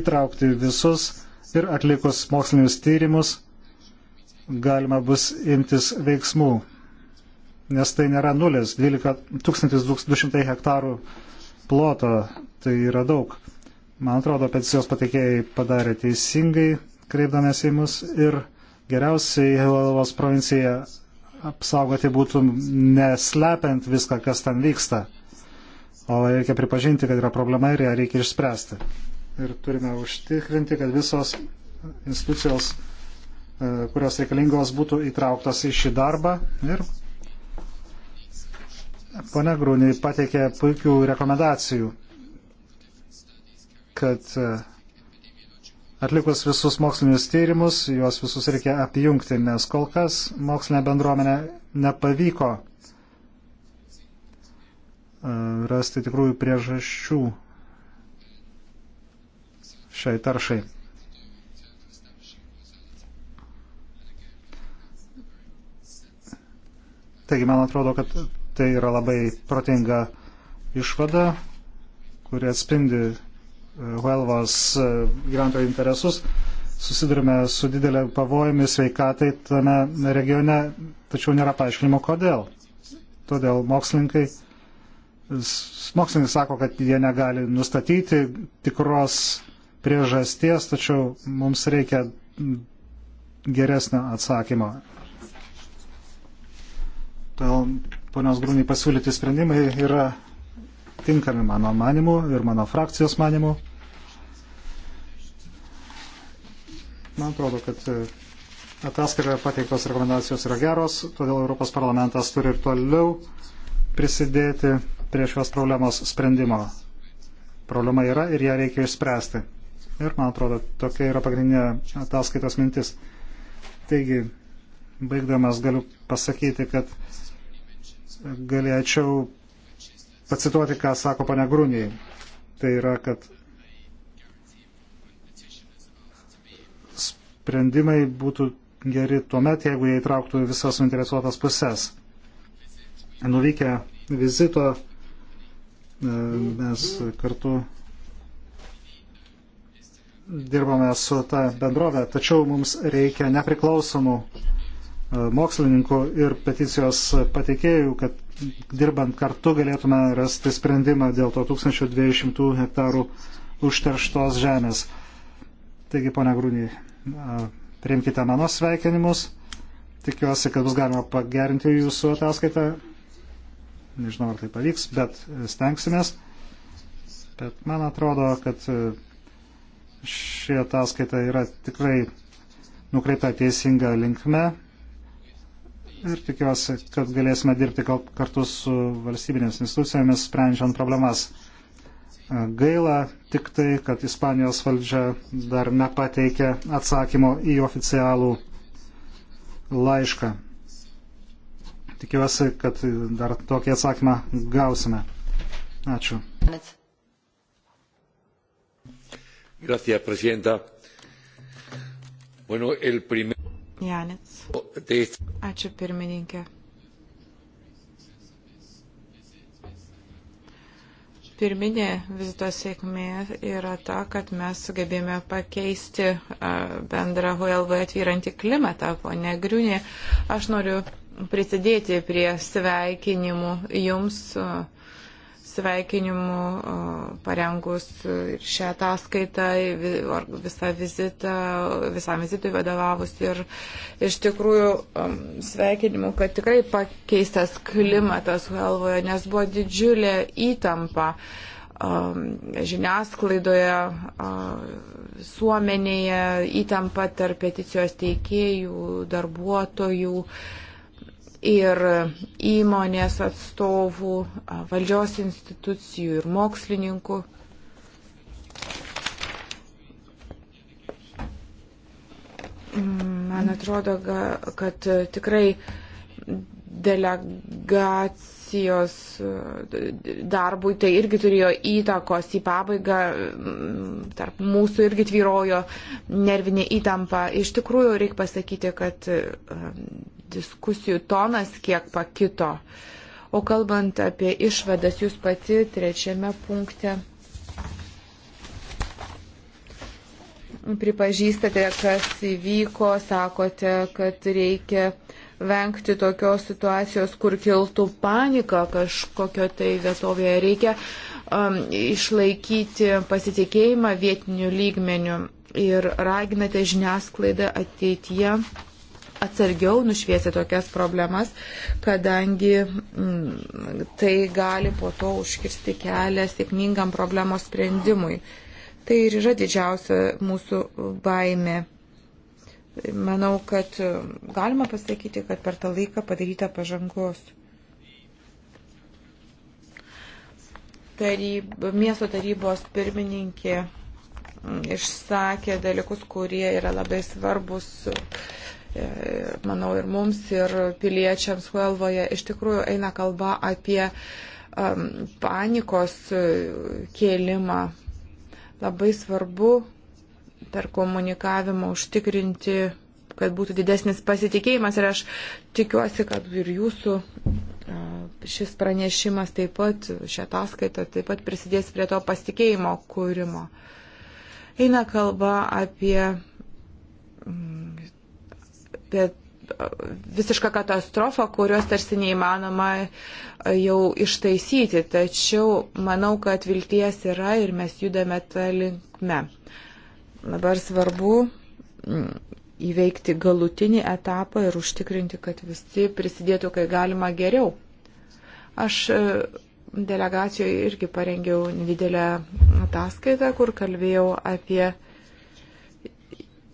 S1: įtraukti visus ir atlikus mokslinius tyrimus galima bus imtis veiksmų, nes tai nėra nulis, 12 200 hektarų ploto, tai yra daug. Man atrodo, peticijos pateikėjai padarė teisingai, kreipdamės į mus ir geriausiai Helavos provinciją apsaugoti būtų neslepiant viską, kas ten vyksta. O reikia pripažinti, kad yra problema ir ją reikia išspręsti. Ir turime užtikrinti, kad visos institucijos, e, kurios reikalingos, būtų įtrauktos į šį darbą. Ir pone Grūnį pateikė puikių rekomendacijų, kad e, Atlikus visus mokslinius tyrimus, juos visus reikia apjungti, nes kol kas mokslinė bendruomenė nepavyko e, rasti tikrųjų priežasčių šiai taršai. Taigi, man atrodo, kad tai yra labai protinga išvada, kuri atspindi Huelvos e, gyventojų interesus, susidurime su didelė pavojumi sveikatai tame regione, tačiau nėra paaiškinimo kodėl. Todėl mokslininkai, mokslininkai sako, kad jie negali nustatyti tikros priežasties, tačiau mums reikia geresnio atsakymo. Todėl ponios Grūnį pasiūlyti sprendimai yra tinkami mano manimu ir mano frakcijos manimu. Man atrodo, kad e, ataskaitoje pateiktos rekomendacijos yra geros, todėl Europos parlamentas turi ir toliau prisidėti prie šios problemos sprendimo. Problema yra ir ją reikia išspręsti. Ir man atrodo, tokia yra pagrindinė ataskaitos mintis. Taigi, baigdamas galiu pasakyti, kad galėčiau pacituoti, ką sako pane Grūniai. Tai yra, kad sprendimai būtų geri tuo met, jeigu jie įtrauktų visas suinteresuotas pusės. Nuvykę vizito e, mes kartu dirbame su ta bendrovė, tačiau mums reikia nepriklausomų e, mokslininkų ir peticijos pateikėjų, kad dirbant kartu galėtume rasti sprendimą dėl to 1200 hektarų užterštos žemės. Taigi, ponia Grūnį, priimkite mano sveikinimus. Tikiuosi, kad bus galima pagerinti jūsų ataskaitą. Nežinau, ar tai pavyks, bet stengsimės. Bet man atrodo, kad e, ši ataskaita yra tikrai nukreipta teisinga linkme ir tikiuosi, kad galėsime dirbti kartu su valstybinėmis institucijomis, sprendžiant problemas. Gaila tik tai, kad Ispanijos valdžia dar nepateikė atsakymo į oficialų laišką. Tikiuosi, kad dar tokį atsakymą gausime. Ačiū.
S4: Gracias, presidenta. Bueno, el primer...
S3: Janis. Ačiū pirmininkė. pirminė vizito sėkmė yra ta, kad mes sugebėjome pakeisti bendrą HLV atvyrantį klimatą, ponė Griūnė. Aš noriu prisidėti prie sveikinimų jums. Uh, sveikinimų parengus ir šią ataskaitą, visą vizitą, visam vizitui vadovavus ir iš tikrųjų um, sveikinimų, kad tikrai pakeistas klimatas Helvoje, nes buvo didžiulė įtampa um, žiniasklaidoje, visuomenėje, įtampa tarp peticijos teikėjų, darbuotojų ir įmonės atstovų, valdžios institucijų ir mokslininkų. Man atrodo, kad tikrai delegacijos darbui tai irgi turėjo įtakos į pabaigą, tarp mūsų irgi tvyrojo nervinė įtampa. Iš tikrųjų, reikia pasakyti, kad diskusijų tonas kiek pakito. O kalbant apie išvadas, jūs pati trečiame punkte pripažįstate, kas įvyko, sakote, kad reikia vengti tokios situacijos, kur kiltų panika kažkokio tai vietovėje. Reikia um, išlaikyti pasitikėjimą vietinių lygmenių ir raginate žiniasklaidą ateityje atsargiau nušviesti tokias problemas, kadangi m, mm, tai gali po to užkirsti kelią sėkmingam problemos sprendimui. Tai ir yra didžiausia mūsų baime. Manau, kad mm, galima pasakyti, kad per tą laiką padaryta pažangos. Taryb, miesto tarybos pirmininkė
S1: mm,
S3: išsakė dalykus, kurie yra labai svarbus E, manau, ir mums, ir piliečiams Huelvoje, iš tikrųjų eina kalba apie um, panikos e, kėlimą. Labai svarbu per komunikavimą užtikrinti, kad būtų didesnis pasitikėjimas ir aš tikiuosi, kad ir jūsų šis pranešimas taip pat, šią ataskaitą taip pat prisidės prie to pasitikėjimo kūrimo. Eina kalba apie mm, apie visišką katastrofą, kurios tarsi neįmanoma jau ištaisyti. Tačiau manau, kad vilties yra ir mes judame tą linkme. Dabar svarbu įveikti galutinį etapą ir užtikrinti, kad visi prisidėtų, kai galima geriau. Aš delegacijoje irgi parengiau didelę ataskaitą, kur kalbėjau apie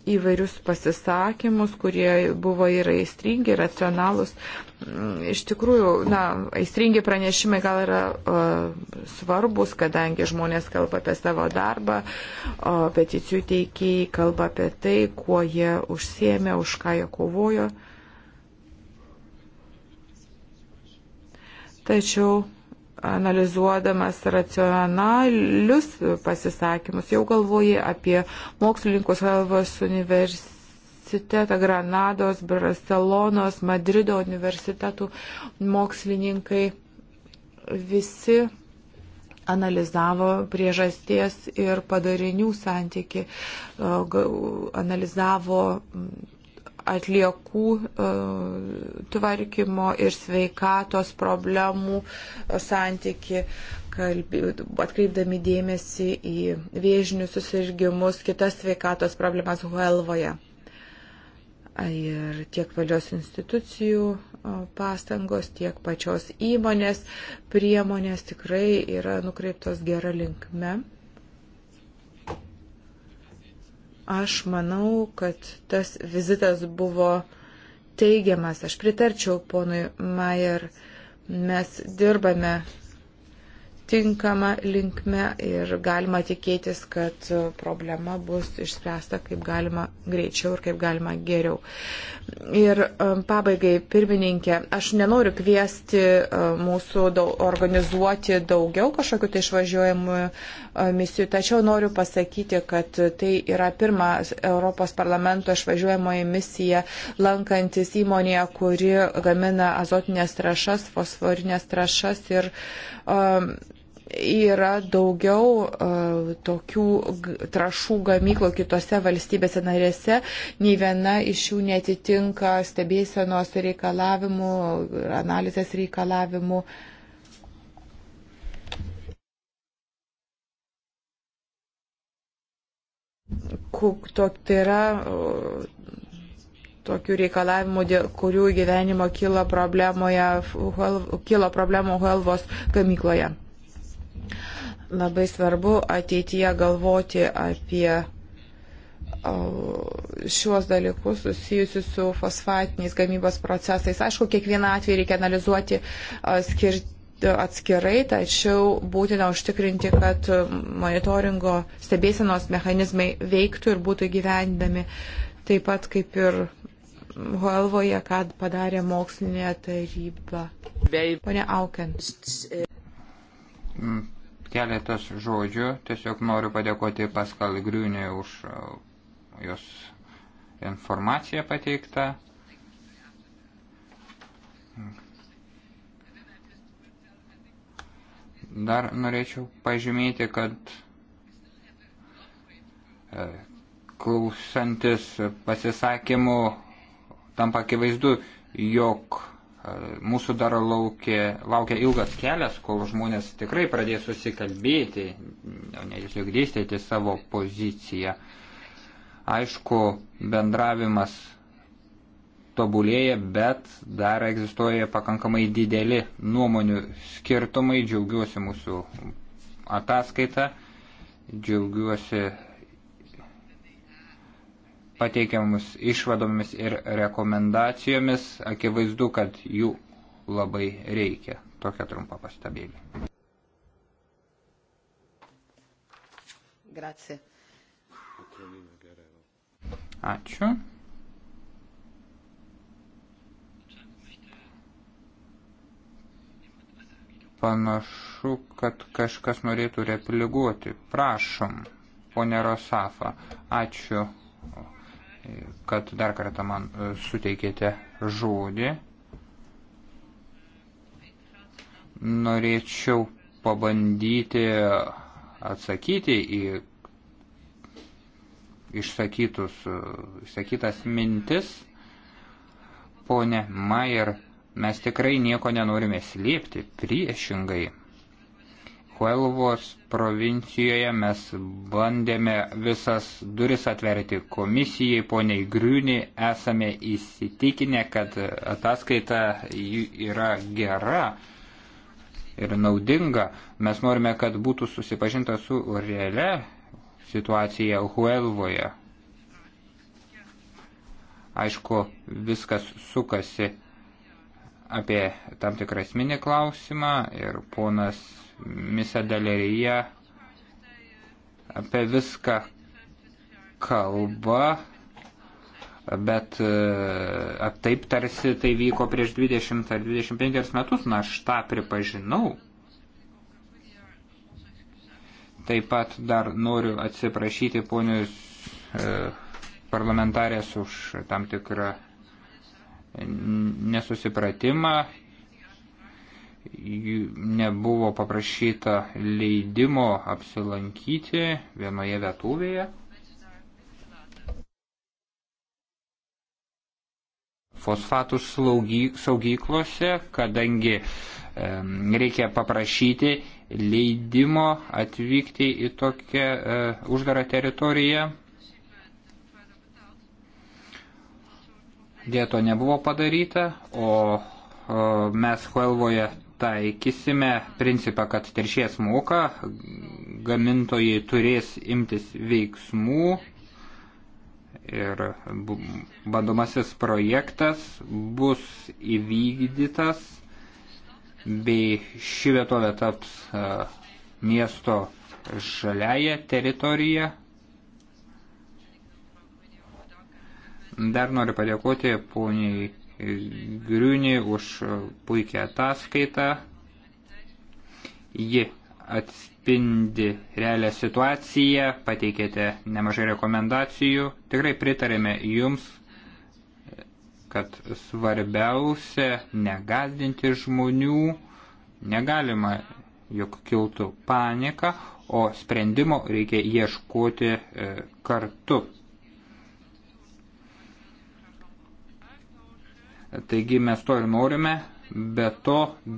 S3: įvairius pasisakymus, kurie buvo ir aistringi, ir racionalus. Mm, iš tikrųjų, na, aistringi pranešimai gal yra o, svarbus, kadangi žmonės kalba apie savo darbą, o, peticijų teikėjai kalba apie tai, kuo jie užsiemė, už ką jie kovojo. Tačiau analizuodamas racionalius pasisakymus, jau galvoji apie mokslininkus Helvos universitetą universitetą, Granados, Barcelonos, Madrido universitetų mokslininkai visi analizavo priežasties ir padarinių santyki, analizavo atliekų e, tvarkymo ir sveikatos problemų santyki, atkreipdami dėmesį į vėžinius susirgymus, kitas sveikatos problemas Huelvoje. Ir tiek valios institucijų e, pastangos, tiek pačios įmonės priemonės tikrai yra nukreiptos gerą linkme. Aš manau, kad tas vizitas buvo teigiamas. Aš pritarčiau ponui Mayer. Mes dirbame tinkama linkme ir galima tikėtis, kad problema bus išspręsta kaip galima greičiau ir kaip galima geriau. Ir um, pabaigai, pirmininkė, aš nenoriu kviesti um, mūsų organizuoti daugiau kažkokiu tai išvažiuojamų uh, misijų, tačiau noriu pasakyti, kad tai yra pirma Europos parlamento išvažiuojamoji misija lankantis įmonėje, kuri gamina azotinės trašas, fosforinės trašas ir um, yra daugiau uh, tokių trašų gamyklų kitose valstybėse narėse, nei viena iš jų netitinka stebėsenos reikalavimų, analizės reikalavimų. Kuk, tok, tai yra uh, tokių reikalavimų, dėl kurių gyvenimo kilo, kilo problemų Huelvos gamykloje. Labai svarbu ateityje galvoti apie šiuos dalykus susijusius su fosfatiniais gamybos procesais. Aišku, kiekvieną atvejį reikia analizuoti skirti atskirai, tačiau būtina užtikrinti, kad monitoringo stebėsenos mechanizmai veiktų ir būtų gyvendami. Taip pat kaip ir Hoelvoje, kad padarė mokslinė taryba. Pone Auken.
S5: Mm, keletos žodžių. Tiesiog noriu padėkoti Paskal Griūnė už uh, jos informaciją pateiktą. Dar norėčiau pažymėti, kad uh, klausantis pasisakymų tampa akivaizdu, jog Mūsų dar laukia, laukia ilgas kelias, kol žmonės tikrai pradės susikalbėti, o ne tiesiog dėstyti savo poziciją. Aišku, bendravimas tobulėja, bet dar egzistuoja pakankamai dideli nuomonių skirtumai. Džiaugiuosi mūsų ataskaita, džiaugiuosi pateikiamus išvadomis ir rekomendacijomis. Akivaizdu, kad jų labai reikia. Tokia trumpa pastabėlė. Grazie. Ačiū. Panašu, kad kažkas norėtų replikuoti. Prašom, ponė Rosafa. Ačiū kad dar kartą man e, suteikėte žodį. Norėčiau pabandyti atsakyti į išsakytus, e, išsakytas mintis. Pone Maier, mes tikrai nieko nenorime slėpti, priešingai Kuelvos provincijoje mes bandėme visas duris atverti komisijai, poniai Griūni, esame įsitikinę, kad ataskaita yra gera ir naudinga. Mes norime, kad būtų susipažinta su realia situacija Huelvoje. Aišku, viskas sukasi apie tam tikrą esminį klausimą ir ponas misa dalerija apie viską kalba, bet e, taip tarsi tai vyko prieš 20 ar 25 metus, na aš tą pripažinau. Taip pat dar noriu atsiprašyti ponius e, parlamentarės už tam tikrą nesusipratimą nebuvo paprašyta leidimo apsilankyti vienoje vietuvėje. Fosfatų saugyklose, kadangi reikia paprašyti leidimo atvykti į tokią e, uždarą teritoriją. Dėto nebuvo padaryta, o mes Huelvoje taikysime principą, kad teršėjas moka, gamintojai turės imtis veiksmų ir bandomasis projektas bus įvykdytas bei ši vietovė taps miesto žaliaja teritorija. Dar noriu padėkoti poniai Griūnį už puikią ataskaitą. Ji atspindi realią situaciją, pateikėte nemažai rekomendacijų. Tikrai pritarėme jums, kad svarbiausia negazdinti žmonių, negalima juk kiltų panika, o sprendimo reikia ieškoti e, kartu. Taigi mes to ir norime, bet to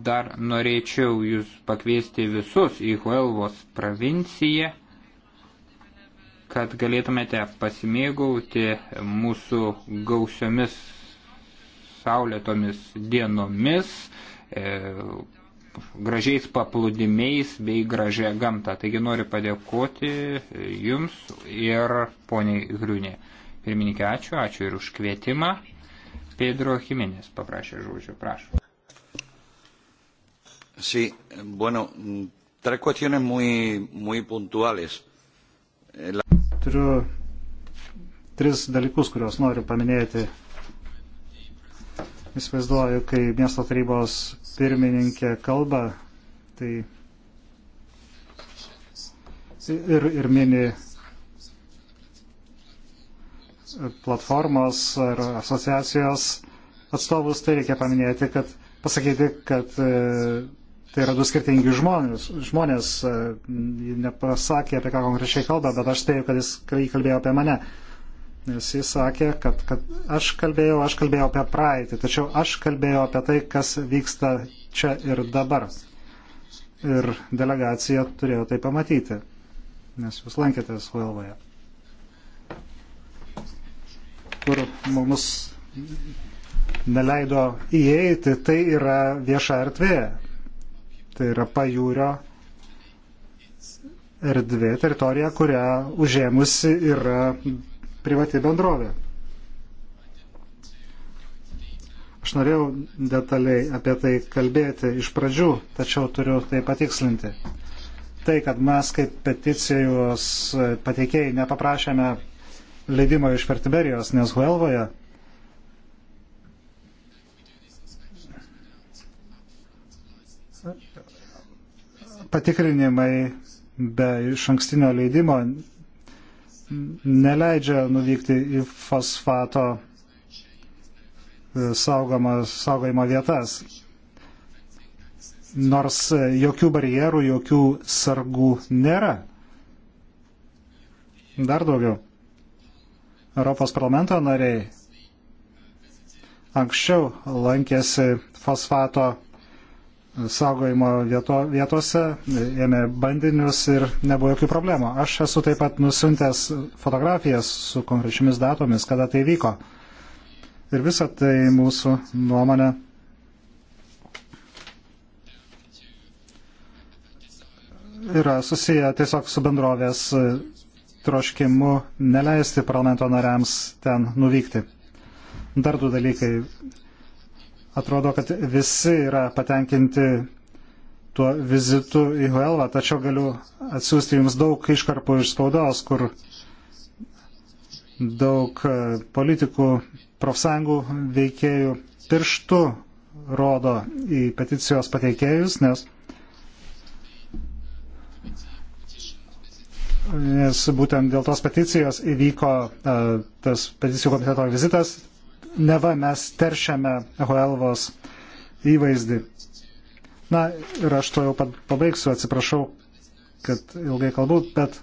S5: dar norėčiau jūs pakviesti visus į Huelvos provinciją, kad galėtumėte pasimėgauti mūsų gausiomis saulėtomis dienomis, e, gražiais paplūdimiais bei gražia gamta. Taigi noriu padėkoti Jums ir poniai Griūnė. Pirmininkė, ačiū, ačiū ir už kvietimą. Pedro Jimenez paprašė žodžio, prašau.
S4: Sí, bueno, tres cuestiones muy, muy puntuales. Eh, la...
S1: Turiu tris dalykus, kuriuos noriu paminėti. Įsivaizduoju, kai miesto tarybos pirmininkė kalba, tai ir, ir mini platformos ar asociacijos atstovus, tai reikia paminėti, kad pasakyti, kad e, tai yra du skirtingi žmonės. Žmonės e, nepasakė, apie ką konkrečiai kalba, bet aš spėjau, kad jis kalbėjo apie mane. Nes jis sakė, kad, kad aš kalbėjau, aš kalbėjau apie praeitį, tačiau aš kalbėjau apie tai, kas vyksta čia ir dabar. Ir delegacija turėjo tai pamatyti, nes jūs lankėtės Huelvoje kur mums neleido įeiti, tai yra vieša erdvė. Tai yra pajūrio erdvė, teritorija, kurią užėmusi yra privati bendrovė. Aš norėjau detaliai apie tai kalbėti iš pradžių, tačiau turiu tai patikslinti. Tai, kad mes kaip peticijos pateikėjai nepaprašėme leidimą iš Fertiberijos, nes Huelvoje patikrinimai be iš ankstinio leidimo neleidžia nuvykti į fosfato e, saugomą, saugojimo vietas. Nors jokių barjerų, jokių sargų nėra. Dar daugiau. Europos parlamento nariai anksčiau lankėsi fosfato saugojimo vieto, vietose, ėmė bandinius ir nebuvo jokių problemų. Aš esu taip pat nusintęs fotografijas su konkrečiamis datomis, kada tai vyko. Ir visą tai mūsų nuomonė yra susiję tiesiog su bendrovės troškimu neleisti parlamento nariams ten nuvykti. Dar du dalykai. Atrodo, kad visi yra patenkinti tuo vizitu į Huelvą, tačiau galiu atsiųsti jums daug iškarpų iš spaudos, kur daug e, politikų, profsąjungų veikėjų pirštų rodo į peticijos pateikėjus, nes nes būtent dėl tos peticijos įvyko e, tas peticijų komiteto vizitas, neva mes teršiame Hoelvos įvaizdį. Na ir aš to jau pabaigsiu, atsiprašau, kad ilgai kalbu, bet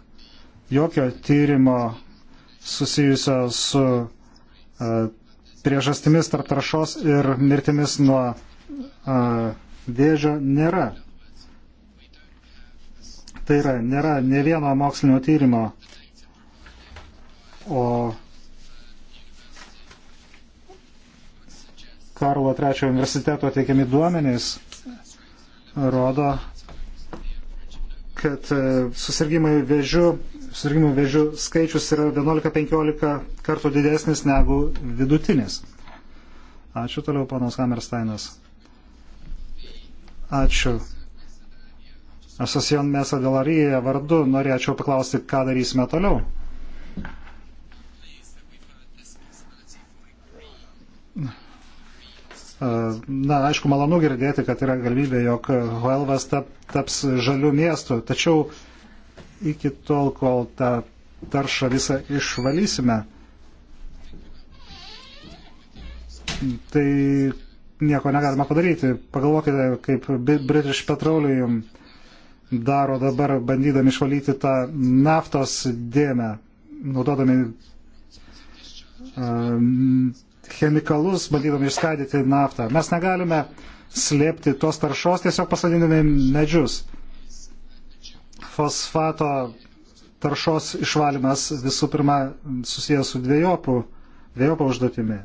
S1: jokio tyrimo susijusio su uh, priežastimis tarp trašos ir mirtimis nuo uh, vėžio nėra. Tai yra, nėra ne vieno mokslinio tyrimo, o Karlo III universiteto teikiami duomenys rodo, kad e, susirgymai vėžių, susirgymų vėžių skaičius yra 11-15 kartų didesnis negu vidutinis. Ačiū toliau, panas Hammersteinas. Ačiū. Asocijon Mesa Delaryje vardu norėčiau paklausti, ką darysime toliau. Na, aišku, malonu girdėti, kad yra galimybė, jog Huelvas tap, taps žalių miestų, tačiau iki tol, kol tą taršą visą išvalysime, tai nieko negalima padaryti. Pagalvokite, kaip British Petroleum uh, daro dabar, bandydami išvalyti tą naftos dėmę, naudodami um, chemikalus, bandydami išskaidyti naftą. Mes negalime slėpti tos taršos, tiesiog pasadinami medžius. Fosfato taršos išvalymas visų pirma susijęs su dviejopų, dviejopą užduotimi.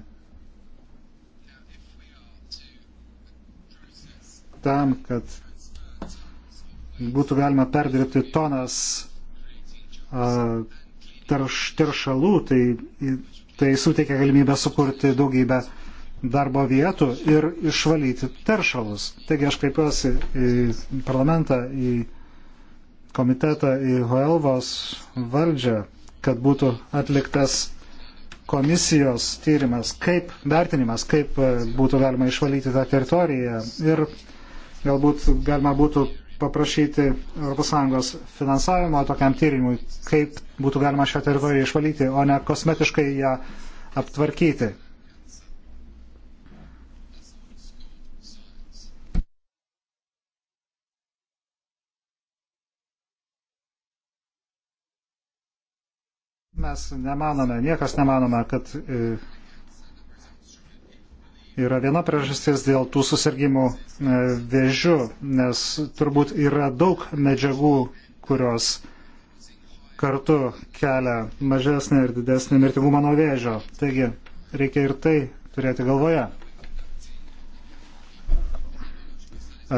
S1: Tam, kad būtų galima perdirbti tonas terš, teršalų, tai, tai suteikia galimybę sukurti daugybę darbo vietų ir išvalyti teršalus. Taigi aš kreipiuosi į parlamentą, į komitetą, į Hoelvos valdžią, kad būtų atliktas komisijos tyrimas, kaip vertinimas, kaip e, būtų galima išvalyti tą teritoriją ir galbūt galima būtų paprašyti ES finansavimo tokiam tyrimui, kaip būtų galima šią teritoriją išvalyti, o ne kosmetiškai ją aptvarkyti. Mes nemanome, niekas nemanome, kad e, yra viena priežastis dėl tų susirgymų e, vėžių, nes turbūt yra daug medžiagų, kurios kartu kelia mažesnį ir didesnį mirtingumą nuo vėžio. Taigi reikia ir tai turėti galvoje.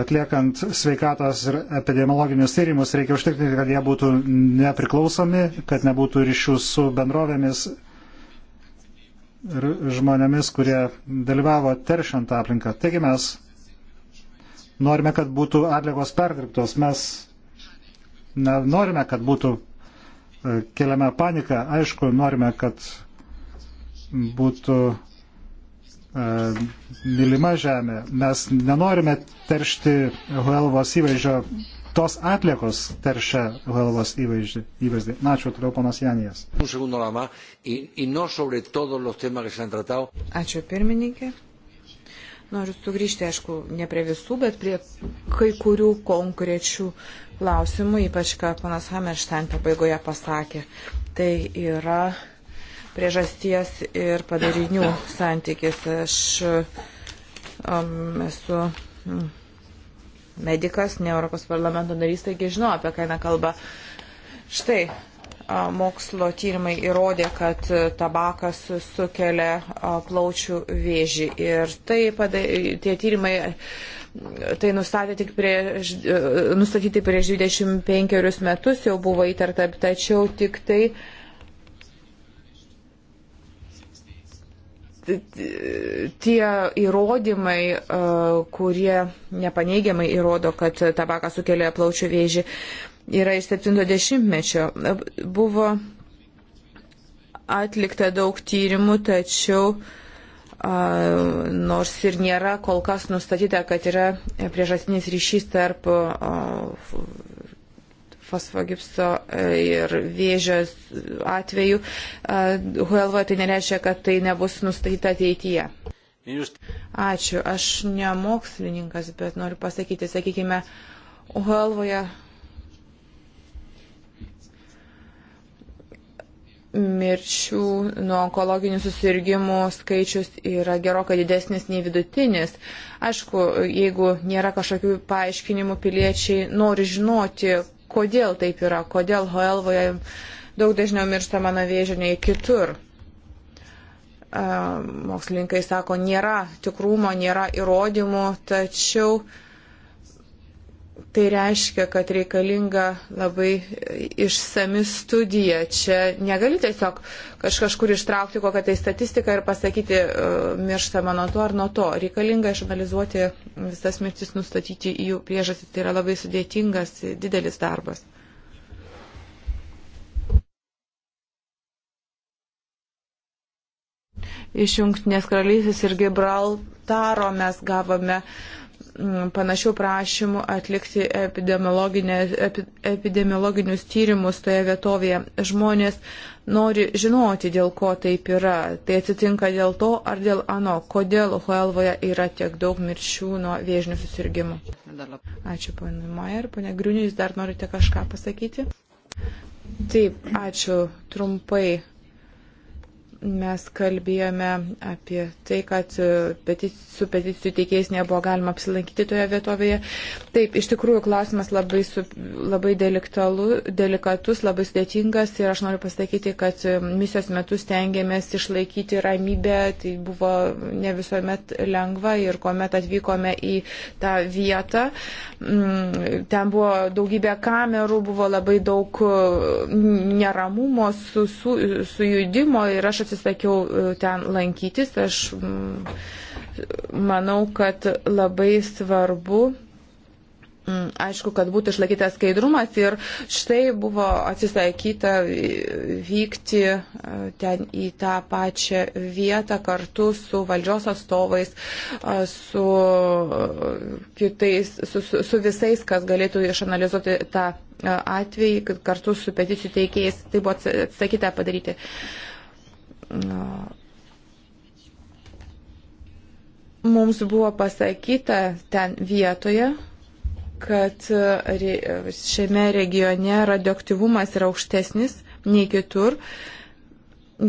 S1: Atliekant sveikatos ir epidemiologinius tyrimus, reikia užtikrinti, kad jie būtų nepriklausomi, kad nebūtų ryšių su bendrovėmis ir žmonėmis, kurie dalyvavo teršiant aplinką. Taigi mes norime, kad būtų atlikos perdirbtos. Mes norime, kad būtų e, keliama panika. Aišku, norime, kad būtų e, mylima žemė. Mes nenorime teršti Huelvos įvaizdžio tos atliekos teršia Huelvos įvaizdį. įvaizdį. Na, ačiū, toliau ponas Janijas.
S3: Ačiū pirmininkė. Noriu sugrįžti, aišku, ne prie visų, bet prie kai kurių konkrečių klausimų, ypač ką panas Hammerstein pabaigoje pasakė. Tai yra priežasties ir padarinių santykis. Aš um, esu. Um, medikas, ne Europos parlamento narys, taigi žino, apie ką eina kalba. Štai, mokslo tyrimai įrodė, kad e, tabakas sukelia plaučių vėžį. Ir tai padai, tie tyrimai tai nustatė tik prieš, e, nustatyti prieš 25 metus jau buvo įtarta, tačiau tik tai uh, tie įrodymai, kurie nepaneigiamai įrodo, kad tabakas sukelia plaučių vėžį, yra iš 70-mečio. Buvo atlikta daug tyrimų, tačiau nors ir nėra kol kas nustatyta, kad yra priežastinis ryšys tarp fosfogipso e, ir vėžio atveju e, Huelvoje, tai nereiškia, kad tai nebus nustatyta ateityje. Ačiū, aš ne mokslininkas, bet noriu pasakyti, sakykime, Huelvoje mirčių nuo onkologinių susirgymų skaičius yra gerokai didesnis nei vidutinis. Aišku, jeigu nėra kažkokių paaiškinimų, piliečiai nori žinoti, kodėl taip yra, kodėl Hoelvoje daug dažniau miršta mano vėžė nei kitur. Mokslininkai sako, nėra tikrumo, nėra įrodymų, tačiau uh, Tai reiškia, kad reikalinga labai išsami studija. Čia negali tiesiog kaž, kažkur ištraukti kokią tai statistiką ir pasakyti, mirštama nuo to ar nuo to. Reikalinga išanalizuoti visas mirtis, nustatyti jų priežastį. Tai yra labai sudėtingas, didelis darbas. iš Junktinės karalystės ir Gibraltaro mes gavome Mm, panašių prašymų atlikti epidemiologinius tyrimus toje vietovėje. Žmonės nori žinoti, dėl ko taip yra. Tai atsitinka dėl to ar dėl ano, kodėl Huelvoje yra tiek daug mirčių nuo vėžinių susirgymų. Ačiū, ponai Majer. Pane Griūnė, jūs dar norite kažką pasakyti? Taip, ačiū. Trumpai mes kalbėjome apie tai, kad su peticijų teikėjais nebuvo galima apsilankyti toje vietovėje. Taip, iš tikrųjų klausimas labai, su, labai delikatus, labai sudėtingas ir aš noriu pasakyti, kad um, misijos metu stengiamės išlaikyti ramybę, tai buvo ne visuomet lengva ir kuomet atvykome į tą vietą, mm, ten buvo daugybė kamerų, buvo labai daug um, neramumo, su, su, sujudimo ir aš atsiprašau atsisakiau e, ten lankytis. Aš manau, kad labai svarbu Aišku, kad būtų išlaikytas skaidrumas ir štai buvo atsisakyta vykti e, ten į tą pačią vietą kartu su valdžios atstovais, e, su, kitais, su, su, su visais, kas galėtų išanalizuoti tą atvejį, kartu su peticijų teikėjais. Tai buvo atsisakyta padaryti. Uh, Mums buvo pasakyta ten vietoje, kad e, šiame regione radioaktyvumas yra aukštesnis nei kitur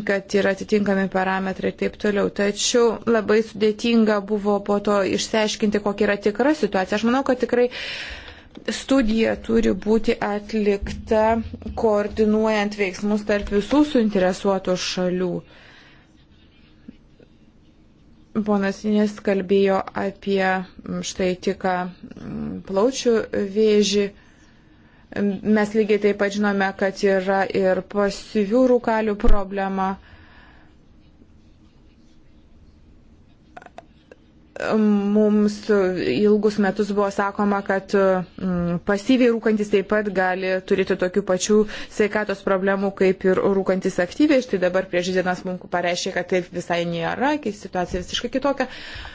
S3: kad yra atitinkami parametrai ir taip toliau. Tačiau labai sudėtinga buvo po to išsiaiškinti, kokia yra tikra situacija. Aš manau, kad tikrai uh, studija turi būti atlikta koordinuojant veiksmus tarp visų suinteresuotų šalių. Ponas Inės kalbėjo apie štai tik plaučių vėžį. Mes lygiai taip pat žinome, kad yra ir pasyvių rūkalių problema. Mums ilgus metus buvo sakoma, kad mm, pasyviai rūkantis taip pat gali turėti tokių pačių sveikatos problemų kaip ir rūkantis aktyviai. Štai dabar prieš dienas mums pareiškė, kad taip visai nėra, situacija visiškai kitokia. Uh,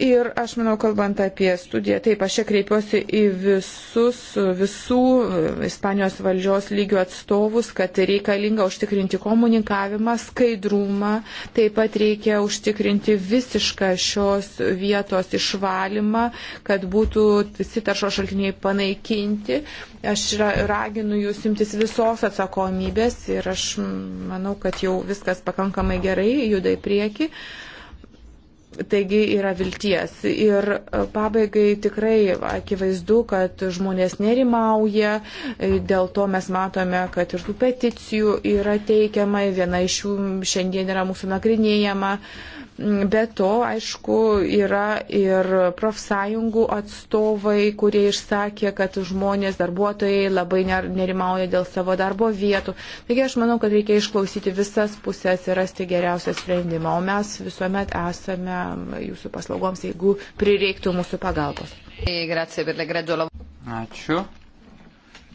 S3: Ir aš manau, kalbant apie studiją, taip, aš čia kreipiuosi į visus, visų e, Ispanijos valdžios lygių atstovus, kad reikalinga užtikrinti komunikavimą, skaidrumą, taip pat reikia užtikrinti visišką šios vietos išvalymą, kad būtų visi taršo šaltiniai panaikinti. Aš raginu jūs imtis visos atsakomybės ir aš manau, kad jau viskas pakankamai gerai juda į priekį. Uh, Taigi yra vilties. Ir e, pabaigai tikrai akivaizdu, kad žmonės nerimauja, e, dėl to mes matome, kad ir tų peticijų yra teikiama, viena iš jų šiandien yra mūsų nagrinėjama. Be to, aišku, yra ir profsąjungų atstovai, kurie išsakė, kad žmonės, darbuotojai labai nerimauja dėl savo darbo vietų. Taigi aš manau, kad reikia išklausyti visas pusės ir rasti geriausią sprendimą. O mes visuomet esame jūsų paslaugoms, jeigu prireiktų mūsų pagalbos.
S2: Ačiū,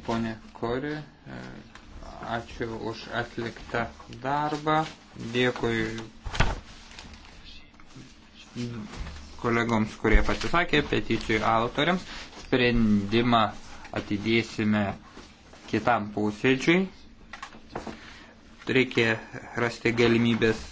S5: ponė Kori. E, ačiū už atliktą darbą. Dėkui kolegoms, kurie pasisakė, peticijų autoriams. Sprendimą atidėsime kitam posėdžiui. Reikia rasti galimybės